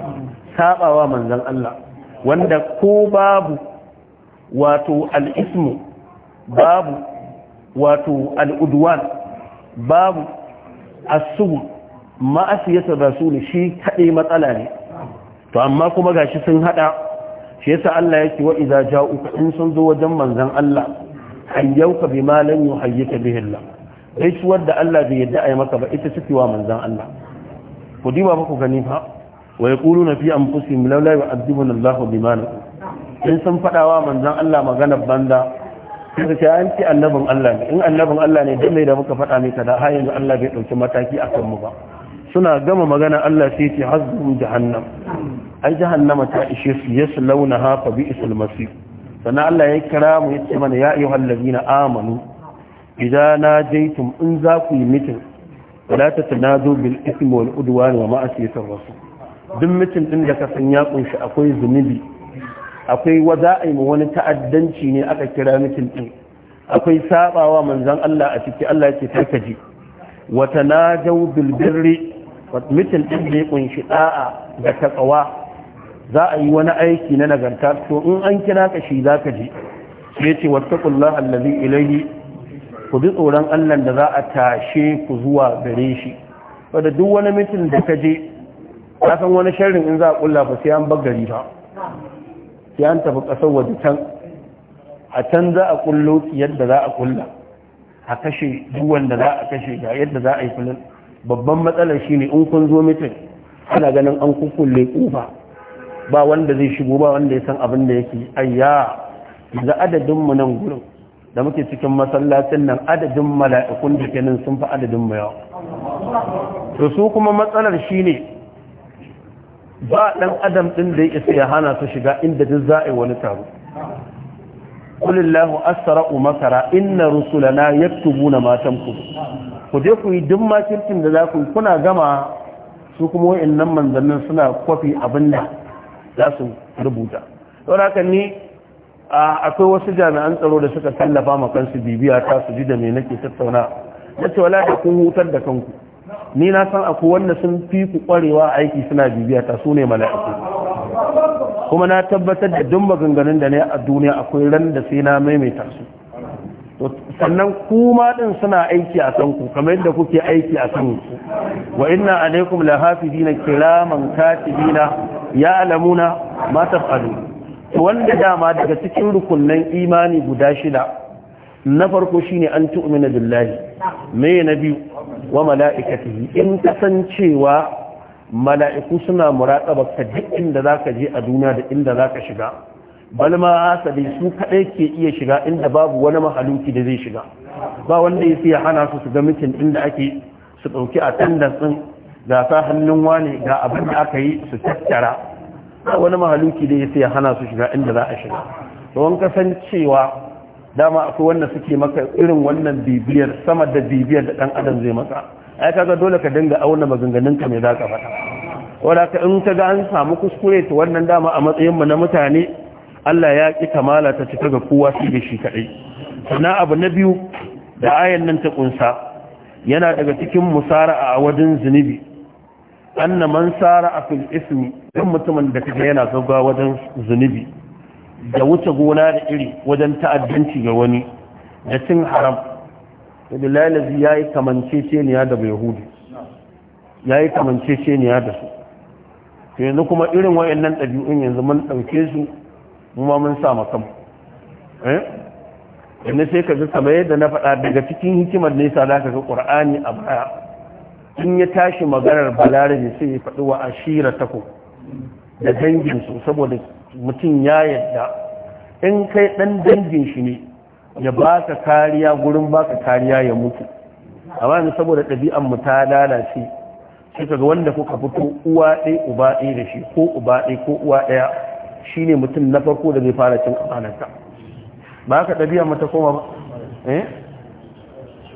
sabawa manzan Allah wanda ko babu wato al'ismu babu wato al'udwan babu asubu ma'asiyatar rasuli shi kaɗai matsala ne to amma kuma gashi sun haɗa shi yasa Allah yake wa idza ja'uka in sun zo wajen manzon Allah hayyauka bi lam hayyata bihi Allah gaisuwar da Allah bai yadda a yi maka ba ita suke wa manzan Allah ku diba ba ku gani fa wa yaquluna fi anfusihim law la yu'adhibuna Allahu bima in sun fada wa manzan Allah magana banza sai ce an ce annabin Allah ne in annabin Allah ne dan mai da muka fada mai kada har yanzu Allah bai dauki mataki akan mu ba suna gama magana Allah sai ce hazzum jahannam ai jahannama ta ishe su yaslaunaha fa bi'sal masir sannan Allah ya kira mu yace mana ya ayyuhallazina amanu idan na jaitum in za ku yi mitin wala ta tanazo bil ismi wa ma'asiyatir rasul duk mitin din da ka san ya kunshi akwai zunubi akwai waza a yi wani ta'addanci ne aka kira mitin din akwai sabawa manzon Allah a ciki Allah yake tarkaji wa tanazo bil birri mitin din da ya kunshi da'a da taqwa za a yi wani aiki na nagarta to in an kira ka shi za ka ji sai ce wattaqullaha allazi ilayhi ku bi tsoron Allah da za a tashe ku zuwa gare shi wadda duk wani mitin da ka je ka san wani sharrin in za a kulla ba sai an gari ba sai an tafi kasar waje can a can za a kullo yadda za a kulla a kashe duk wanda za a kashe ga yadda za a yi kullun babban matsalar shine in kun zo mitin ana ganin an kukulle kufa ba wanda zai shigo ba wanda ya san abin da yake ayya za adadin mu nan gurin da muke cikin masallacin nan adadin mala'ikun da kenan sun fi adadin mu yawa to su kuma matsalar shine ba ɗan adam ɗin da yake ya hana su shiga inda duk za a yi wani taro kulillahu asra'u makara inna rusulana yaktubuna na tamkuru ku je ku yi duk makircin da za ku kuna gama su kuma wa'annan manzannin suna kwafi abin da za su rubuta don haka ni akwai wasu jami'an tsaro da suka tallafa ma kansu bibiya ta su ji da me nake tattauna Ya ce wala kun hutar da kanku ni na san akwai wanda sun fi ku kwarewa aiki suna bibiya ta su ne mala'iku kuma na tabbatar da duk maganganun da ne a duniya akwai ran da sai na maimaita su sannan kuma din suna aiki a kanku kamar yadda kuke aiki a kanku wa inna alaikum lahafizina kiraman katibina ya alamuna ma taf'alun wanda dama daga cikin rukunnan imani guda shida na farko shine an tu'mina billahi me na biyu wa mala'ikatihi in kasancewa mala'iku suna muraqaba ka duk inda zaka je a duniya da inda zaka shiga balma asali su kadai ke iya shiga inda babu wani mahaluki da zai shiga ba wanda ya siya hana su su ga mutum inda ake su dauki a tandan din ga sa hannun wani ga abin da aka yi su tattara wani mahaluki da ya sai hana su shiga inda za a shiga don kasancewa dama akwai wanda suke maka irin wannan bibiyar sama da bibiyar da dan adam zai maka ai kaga dole ka dinga auna maganganun ka mai zaka fata wala ka in ga an samu kuskure to wannan dama a matsayin mu na mutane Allah ya ki kamala ta cika ga kowa su da shi kadai sannan abu na biyu da ayan nan ta kunsa yana daga cikin musara a wajen zunubi anna man sara a fil ismi duk mutumin da kaga yana gaggawa wajen zunubi da wuce gona da iri wajen ta'addanci ga wani da cin haram da lalazi ya yi kamanceceniya da bai hudu ya yi kamanceceniya da su yanzu kuma irin wayannan ɗabi'un yanzu mun ɗauke su mu ma mun sa makam eh sai ka ji kamar yadda na faɗa daga cikin hikimar nesa za ka ga qur'ani a baya in ya tashi maganar balarabe sai ya faɗi wa ashira tako da danginsu saboda mutum ya yadda in kai ɗan dangin shi ne ya baka kariya gurin baka kariya ya mutu amma ne saboda ɗabi'an mu ta lalace sai ga wanda kuka fito uwa ɗaya uba ɗaya da shi ko uba ɗaya ko uwa ɗaya shine mutum na farko da zai fara cin amanarka ba ka ɗabi'an mata ta koma ba eh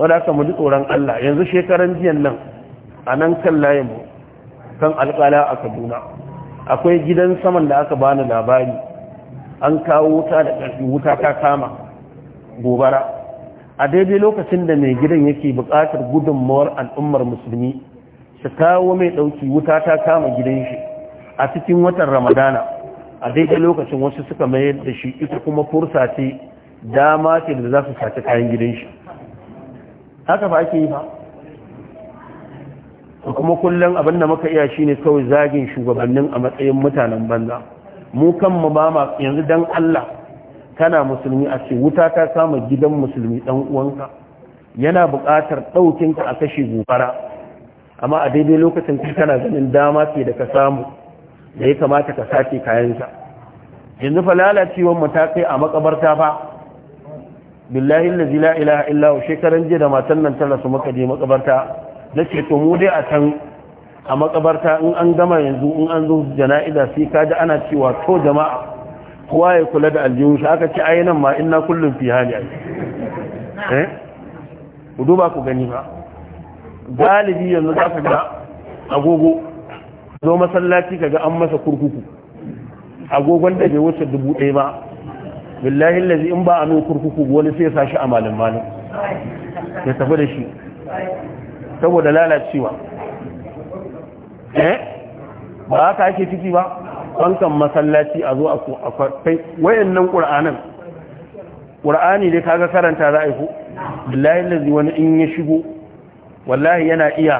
wanda aka mu ji tsoron Allah yanzu shekaran jiyan nan a nan kan layin kan alƙala a kaduna akwai gidan saman da aka bani labari an kawo wuta da ƙarfi wuta ta kama gobara a daidai lokacin da mai gidan yake buƙatar gudunmawar al'ummar musulmi su kawo mai ɗauki wuta ta kama gidan shi a cikin watan ramadana a daidai lokacin wasu suka mayar da shi ita kuma fursa ce dama ce da za su sace kayan gidan shi haka ba ake yi ba kuma kullum abin da muka iya shine kawai zagin shugabannin a matsayin mutanen banza mu kanmu ba ma yanzu dan Allah kana musulmi a ce wuta ta kama gidan musulmi dan uwanka yana buƙatar ɗaukin a kashe gobara amma a daidai lokacin kai kana ganin dama ce da ka samu da ya kamata ka sace kayansa yanzu fa lalacewar mu ta kai a makabarta fa billahi allazi la ilaha illa hu shekaran jiya da matan nan ta rasu muka je makabarta na ce to mu dai a can a makabarta in an gama yanzu in an zo jana'iza sai ka ji ana cewa to jama'a kowa ya kula da aljihun shi aka ce ayinan nan ma inna kullum fi hali eh ku duba ku gani ba galibi yanzu za ka ga agogo zo masallaci kaga an masa kurkuku agogon da bai wuce dubu ɗaya ba billahi lazi in ba a kurkuku wani sai ya sa shi a malin malin ya tafi da shi saboda lalacewa eh ba haka ake ciki ba bankan masallaci a zo a kwafai wayannan ƙur'anin ƙur'ani dai kaga karanta za a yi ku billahi lazi wani in ya shigo wallahi yana iya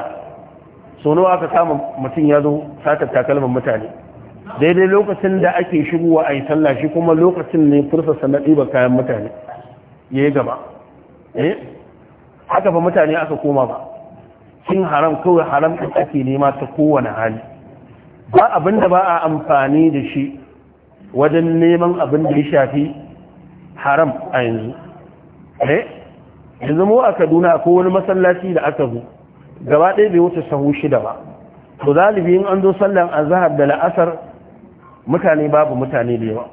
sono aka kama mutum ya zo satar takalman mutane daidai lokacin da ake shigowa a yi sallah shi kuma lokacin ne fursa na kayan mutane ya yi gaba eh haka ba mutane aka koma ba cin haram kawai haram ɗin ake nema ta kowane hali ba abin da ba a amfani da shi wajen neman abin da ya shafi haram a yanzu eh, yanzu mu a kaduna ko wani masallaci da aka zo gaba ɗaya bai wuce sahu shida ba to zalibi in an zo sallan azhar da la'asar mutane babu mutane da yawa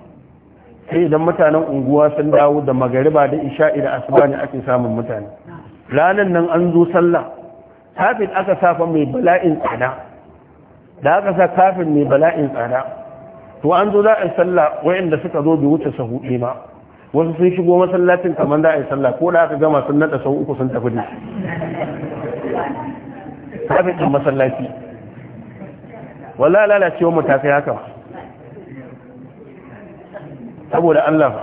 sai idan mutanen unguwa sun dawo da magariba da isha'i da asuba ne ake samun mutane ranar nan an zo sallah kafin aka safa mai bala'in tsada da aka sa kafin mai bala'in tsada to an zo za a yi sallah wayanda suka zo bi wuce sahu ma wasu sun shigo masallacin kamar za a yi sallah ko da aka gama sun nada sahu uku sun tafi da kafin ɗin masallaci wala lalacewa mu ta kai haka saboda Allah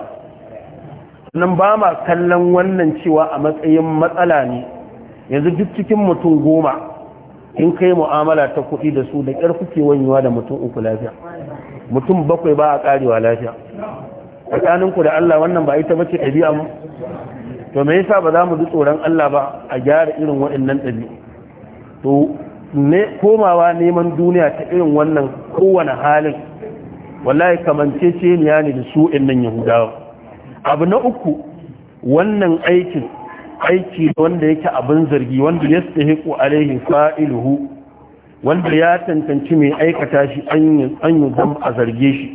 nan ba ma kallon wannan cewa a matsayin matsala ne yanzu duk cikin mutum goma in kai mu'amala ta kuɗi da su da ƙyar kuke wanyuwa da mutum uku lafiya mutum bakwai ba a ƙarewa lafiya tsakaninku da Allah wannan ba ita bace ɗabi'a mu to me yasa ba za mu ji tsoron Allah ba a gyara irin waɗannan ɗabi'u to komawa neman duniya ta irin wannan kowane halin wallahi kamanceceniya ne ne da su nan yahudawa abu na uku wannan aikin aiki wanda yake abin zargi wanda ya stahiqu alaihi fa'iluhu wanda ya tantance mai aikata shi an yi zam a zarge shi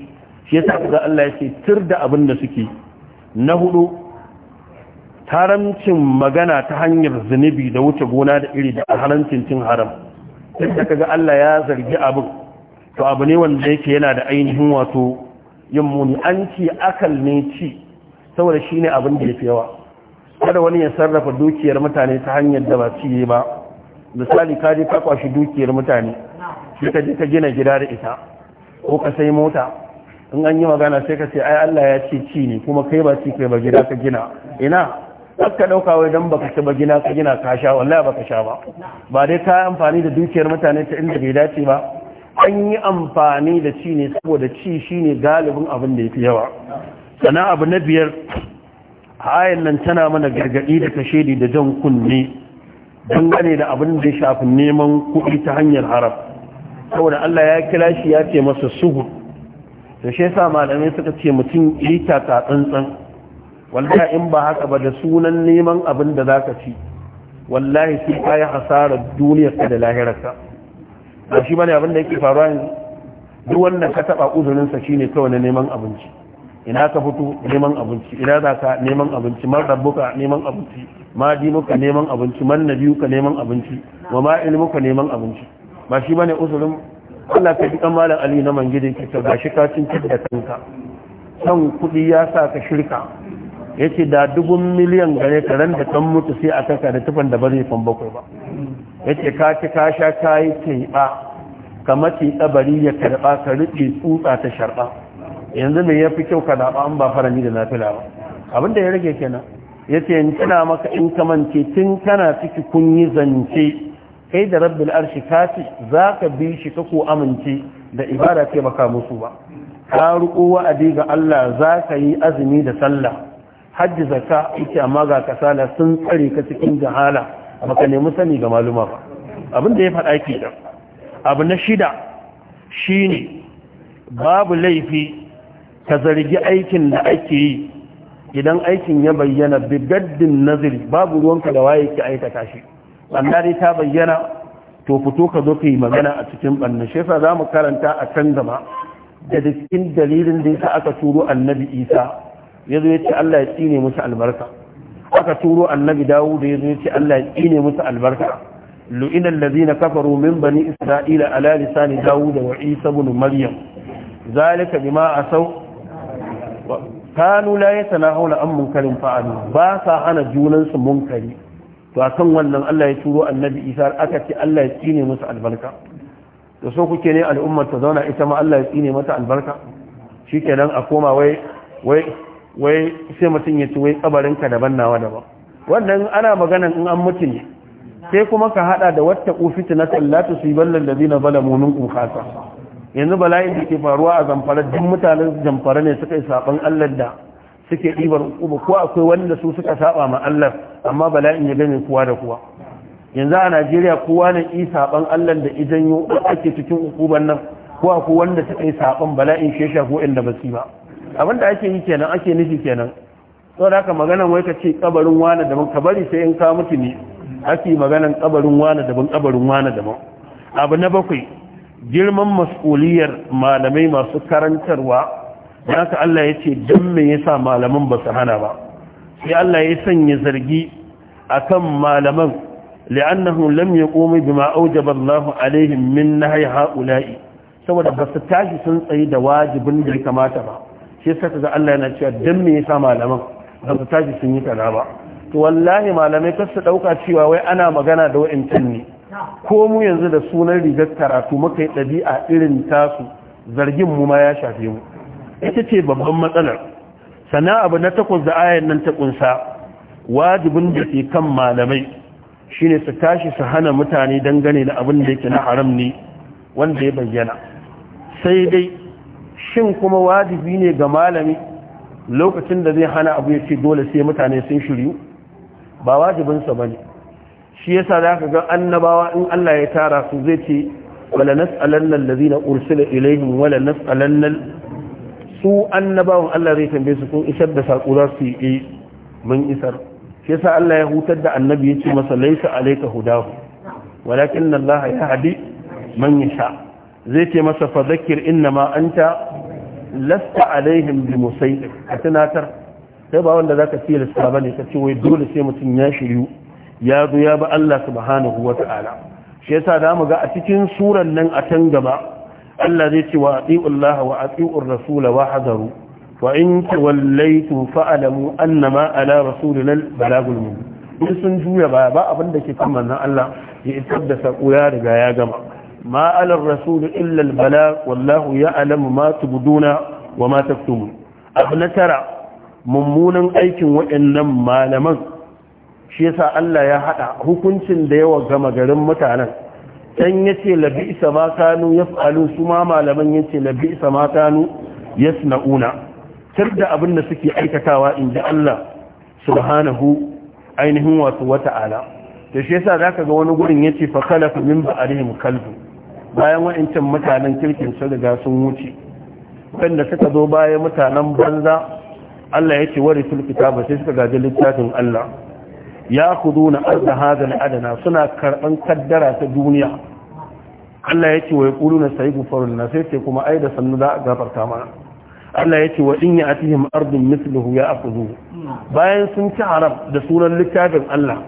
shi yasa ga Allah ya ce tir da abin da suke na hudu taramcin magana ta hanyar zunubi da wuce gona da iri da haramcin cin haram sai da kaga Allah ya zargi abin to abu ne wanda yake yana da ainihin wato yin muni an ci akal ne ci saboda shine abin da yafi yawa kada wani ya sarrafa dukiyar mutane ta hanyar da ba su yi ba misali ka je ka kwashi dukiyar mutane shi ka je ka gina gida da ita ko ka sai mota in an yi magana sai ka ce ai Allah ya ce ci ne kuma kai ba ci kai ba gida ka gina ina ka ɗauka wai dan baka ci ba gina ka gina ka sha wallahi baka sha ba ba dai ka amfani da dukiyar mutane ta inda bai dace ba an yi amfani da ci ne saboda ci shine galibin abin da yafi yawa sannan abu na biyar ayan nan tana mana gargaɗi da kashedi da jan kunne dangane da abin da ya shafi neman kuɗi ta hanyar haram saboda Allah ya kira shi ya ce masa suhu da shi yasa malamai suka ce mutum ita ta tsantsan wallahi in ba haka ba da sunan neman abin da zaka ci wallahi sai ka yi hasarar duniyar ka da lahirarka ba shi bane abin da yake faruwa duk wanda ka taba sa shine kawai na neman abinci ina ka fito neman abinci ina za ka neman abinci man rabbuka neman abinci ma dinuka neman abinci man nabiyuka neman abinci wa ma ilmuka neman abinci ba shi bane usulun Allah ka bi kamalan Ali na mangidin ki ga shi ka cin da kanka san kudi ya sa ka shirka yace da dubun miliyan gare ka ran da kan mutu sai a kaka da tufan da ba zai fan bakwai ba yace ka ci ka sha kai kai ba kamar ki tsabari ya karba ka rike tsutsa ta sharba yanzu mai yafi kyau ka zaɓa an ba farami da nafila ba abinda ya rage kenan ya ce in kina maka in kamance tun kana ciki kun yi zance kai da rabbil arshi ka ci za ka bi shi ka ko amince da ibada ce baka musu ba ka ruko wa'adi ga Allah za ka yi azumi da sallah hajji zakka yake amma ga kasala sun tsare ka cikin jahala ka nemi sani ga maluma ba abin da ya faɗa ke abu na shida shine babu laifi ka zargi aikin da ake yi idan aikin ya bayyana bigaddin nazari babu ruwanka da waye ki aikata shi ɓannare ta bayyana to fito ka zo ka yi magana a cikin ɓanna shi yasa za mu karanta a can gaba da cikin dalilin da yasa aka turo annabi isa ya zo ya ce allah ya tsine musu albarka aka turo annabi dawo da ya zo ya ce allah ya tsine musu albarka lu'inan lazina kafaru min bani isra'ila ala lisani dawud wa isa ibn maryam zalika a sau. kanu la ya tana haula an munkarin fa’adu ba sa hana junansu munkari to a kan wannan Allah ya turo annabi isa aka ce Allah ya tsine musu albarka da so kuke ne al'ummar ta zauna ita ma Allah ya tsine mata albarka shi ke nan a koma wai sai mutum ya ci wai tsabarin ka daban nawa daban wannan ana maganan in an mutu ne sai kuma ka hada da wata yi la da zina bala munin khasa yanzu bala'in da ke faruwa a zamfara duk mutanen zamfara ne suka yi saɓon allah da suke ɗibar uba ko akwai wanda su suka saɓa ma allah amma bala'in ya gane kowa da kowa yanzu a najeriya kowa ne yi saɓon allah da idan yau ake cikin hukuban nan ko akwai wanda suka yi saɓon bala'in shesha ko inda ba su ba abin da ake yi kenan ake nufi kenan da haka maganan wai ka ce kabarin wani daban ka bari sai in ka mutu ne ake maganan kabarin wani daban kabarin wani daban abu na bakwai girman mas'uliyar malamai masu karantarwa ya ka Allah ya ce don me yasa malaman ba su hana ba sai Allah ya sanya zargi a kan malaman li'annahum lam ya yaqumu bima ba Allah alaihim min nahy haula'i saboda ba su tashi sun tsaye da wajibin da ya kamata ba shi saka ga Allah yana cewa don me yasa malaman ba su tashi sun yi kaza ba to wallahi malamai kasu ɗauka cewa wai ana magana da wa'in ne ko mu yanzu da sunan rigar karatu muka yi ɗabi'a irin tasu zargin mu ma ya shafe mu ita ce babban matsalar sana abu na takwas da ayan nan ta kunsa wajibin da ke kan malamai shine su tashi su hana mutane dangane da abin da yake na haram ne wanda ya bayyana sai dai shin kuma wajibi ne ga malami lokacin da zai hana abu ya ce dole sai mutane sun shiryu ba wajibinsa ba ne shi yasa za ka ga annabawa in Allah ya tara su zai ce wala nas'alanna allazina ursila ilaihim wala nas'alanna su annabawan Allah zai tambaye su kun isar da sako za su yi eh, mun isar shi yasa Allah ya hutar da annabi ya yace masa laysa alayka hudahu walakin Allah ya hadi man yasha zai ce masa fa zakir innama anta lasta alaihim bi musaytir a tunatar sai ba wanda zaka tilasta bane ka ce wai dole sai mutum ya shiryu ya zo ya ba Allah subhanahu wa ta'ala shi yasa da mu ga a cikin suran nan a can gaba Allah zai ce wa ati'u Allah wa ati'u rasul wa hadaru wa in tawallaytu fa'lamu annama ala rasulina balagul in sun juya ba ba abin da ke kan na Allah ya isar da sako ya riga ya gama ma ala rasul illa Bala wallahu ya alamu ma tubduna wa ma taktumun abu na tara mummunan aikin waɗannan malaman shi yasa Allah ya hada hukuncin da yawa gama garin mutanen dan yace labi isa ma kanu yafalu su ma malaman yace labi isa ma kanu yasnauna tarda abin da suke aikatawa inda Allah subhanahu ainihin wasu wata'ala da shi yasa zaka ga wani gurin yace fa khalafa min ba'alihim kalbu bayan wa'ancan mutanen kirkin sun riga sun wuce wanda suka zo bayan mutanen banza Allah ya ce warisul kitaba sai suka gaji littafin Allah ya kudu na arda na adana suna karɓan kaddara ta duniya Allah ya ce wa ya ƙulu na sayi gufarun na sai ce kuma ai da sannu za a gafarta mana Allah ya ce wa in ya atihim ardin mislihu ya akuzu bayan sun ci haram da sunan littafin Allah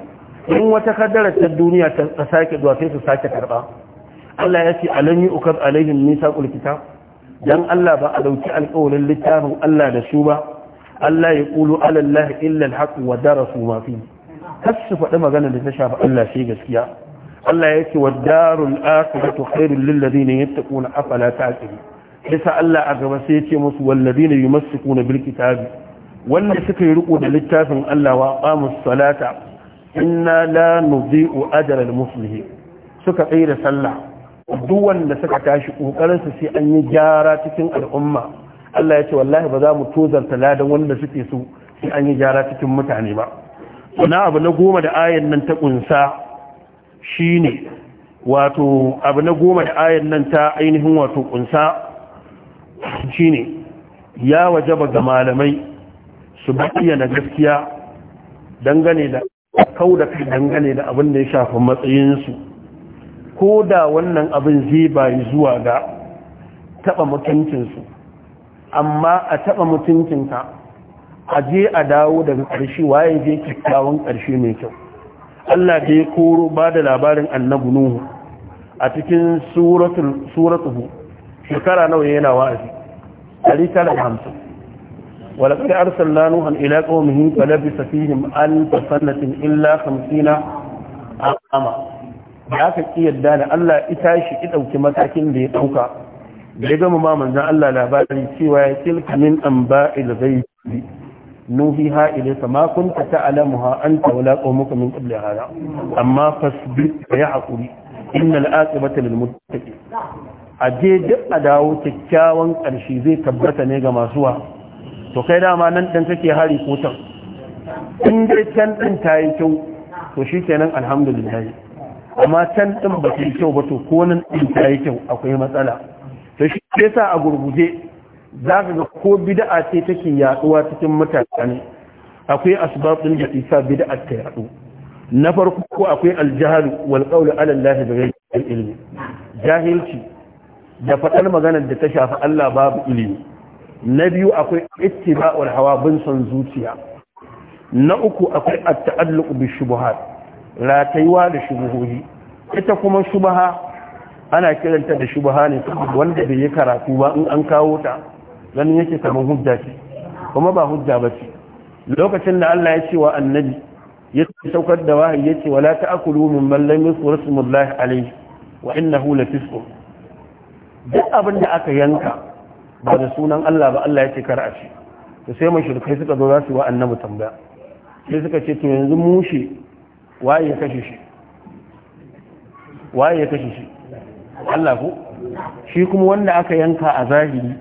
in wata kaddara ta duniya ta sake zuwa sai su sake karɓa Allah ya ce alam yi ukar alaihim nisa kulkita dan Allah ba a dauki alƙawarin littafin Allah da su ba Allah ya ƙulu alallahi illa alhaq wa darasu har su faɗi magana da ta shafi Allah sai gaskiya Allah ya ce wadarul akhiratu khairul lil ladina yattaquna afala ta'qilu yasa Allah a gaba sai ya ce musu wal ladina yumassikuna bil kitabi wanda suka yi riko da littafin Allah wa qamus salata inna la nudhi'u ajra al muslimin suka tsira sallah duk wanda suka tashi kokarin su sai an yi jara cikin al'umma Allah ya ce wallahi ba za mu tozarta ladan wanda suke so sai an yi gyara cikin mutane ba na abu na goma da ayan nan ta kunsa ne wato abu na goma da ayan nan ta ainihin wato kunsa ne ya wajaba ga malamai su bayyana gaskiya dangane da kau da kai dangane da abin da ya shafi matsayinsu ko da wannan abin zai bayi zuwa ga taɓa mutuncinsu amma a taba mutuncinka a je a dawo daga ƙarshe waye je kyakkyawan ƙarshe mai kyau Allah da ya koro ba da labarin annabu Nuhu a cikin suratuhu shekara nawa yana wa'azi ɗari tara da hamsin walaƙar arsalna nuhan ila qaumihi falabisa fihim an sanatin illa hamsina a ama da aka yadda da Allah ita shi ki ɗauki matakin da ya ɗauka. da ya gama ma manzan Allah labarin cewa ya tilka min anba'il ghaibi نوهيها إليك ما كنت تعلمها أنت ولا قومك من قبل هذا أما فاصبر ويعقل إن الآقبة للمتقين aje duk a dawo kyakkyawan ƙarshe zai tabbata ne ga masu wa to kai dama nan ɗan kake hari ko tan in dai can ɗin ta kyau to shi kenan alhamdulillah amma can ɗin ba kyau ba to ko nan ɗin ta kyau akwai matsala to shi sa a gurguje za ka ga ko bida'a ce take yaduwa cikin mutane akwai asbabun da isa bida'a ta yadu na farko ko akwai aljahal wal qawl ala Allah bi ghayri ilmi jahilci da fadar magana da ta shafi Allah babu ilimi na biyu akwai ittiba'ul hawa bin son zuciya na uku akwai at-ta'alluq bi shubuhat ratayuwa da shubuhohi ita kuma shubaha ana kiranta da shubaha ne wanda bai yi karatu ba in an kawo ta ganin yake kamar hujja ce kuma ba hujja ba ce lokacin da Allah ya ce wa annabi ya saukar da wahayi ya ce wala ta'kulu min man lam yusra smullahi alayhi wa innahu la fisq duk abin da aka yanka ba da sunan Allah ba Allah ya ce kar a ce to sai mun mushrikai suka zo za su wa annabi tambaya sai suka ce to yanzu mushi waye ya kashe shi waye ya kashe shi Allah ko shi kuma wanda aka yanka a zahiri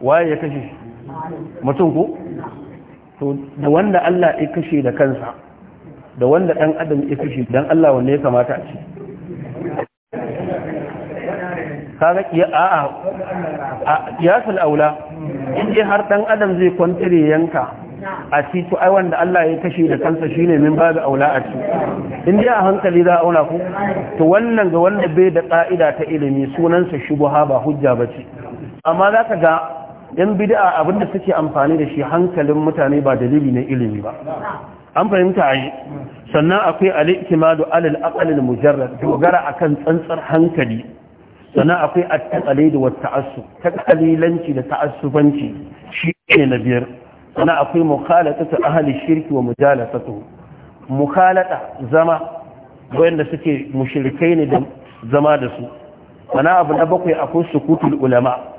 waye ya kashe shi mutum ko to da wanda Allah ya kashe da kansa da wanda dan adam ya kashe dan Allah wanne ya kamata a ci kaga ya a a qiyasul aula in dai har dan adam zai kwantare yanka a ci to ai wanda Allah ya kashe da kansa shine min babu aula a ci in dai a hankali za a auna ku to wannan ga wanda bai da ka'ida ta ilimi sunansa shubha ba hujja bace amma zaka ga yan bid'a abinda suke amfani da shi hankalin mutane ba dalili na ilimi ba an fahimta yi sannan akwai al-iktimadu alal aqalil mujarrad dogara akan tsantsar hankali sannan akwai at-taqalid wa ta'assub kalilanci da ta'assubanci shi ne na biyar sannan akwai mukhalatatu ahli shirki wa mujalasatu mukhalata zama wanda suke mushrikai ne da zama da su sannan abu na bakwai akwai sukutul ulama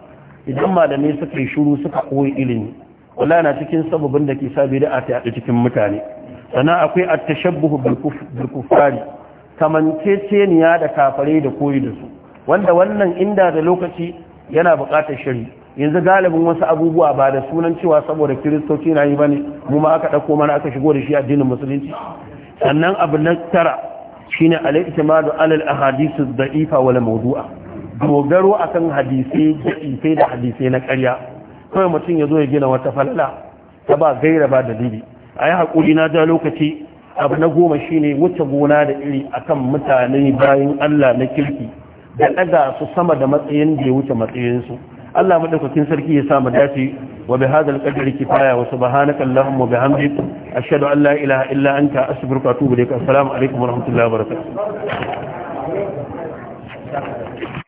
idan malamai suka yi shuru suka koyi ilimi wala na cikin sababin da ke sa a ta yaɗa cikin mutane sannan akwai at-tashabbuhu bil kamanceceniya da kafare da koyi da su wanda wannan inda da lokaci yana buƙatar shiri yanzu galibin wasu abubuwa ba da sunan cewa saboda kiristoci na yi bane mu ma aka ɗauko mana aka shigo da shi addinin musulunci sannan abu na tara shine al-i'timadu alal ahadithu dha'ifa wal mawdu'a dogaro akan hadisai da da hadisai na karya kawai mutum ya zo ya gina wata falala ta ba gaira ba dalili a yi haƙuri na ja lokaci abu na goma shine wuce gona da iri akan mutane bayan allah na kirki da ɗaga su sama da matsayin da ya wuce matsayinsu allah maɗaukakin sarki ya sa mu dace wa bi hadal qadri kifaya wa subhanaka allahumma wa bihamdik ashhadu an la ilaha illa anta astaghfiruka wa atubu ilaik assalamu alaikum wa rahmatullahi wa barakatuh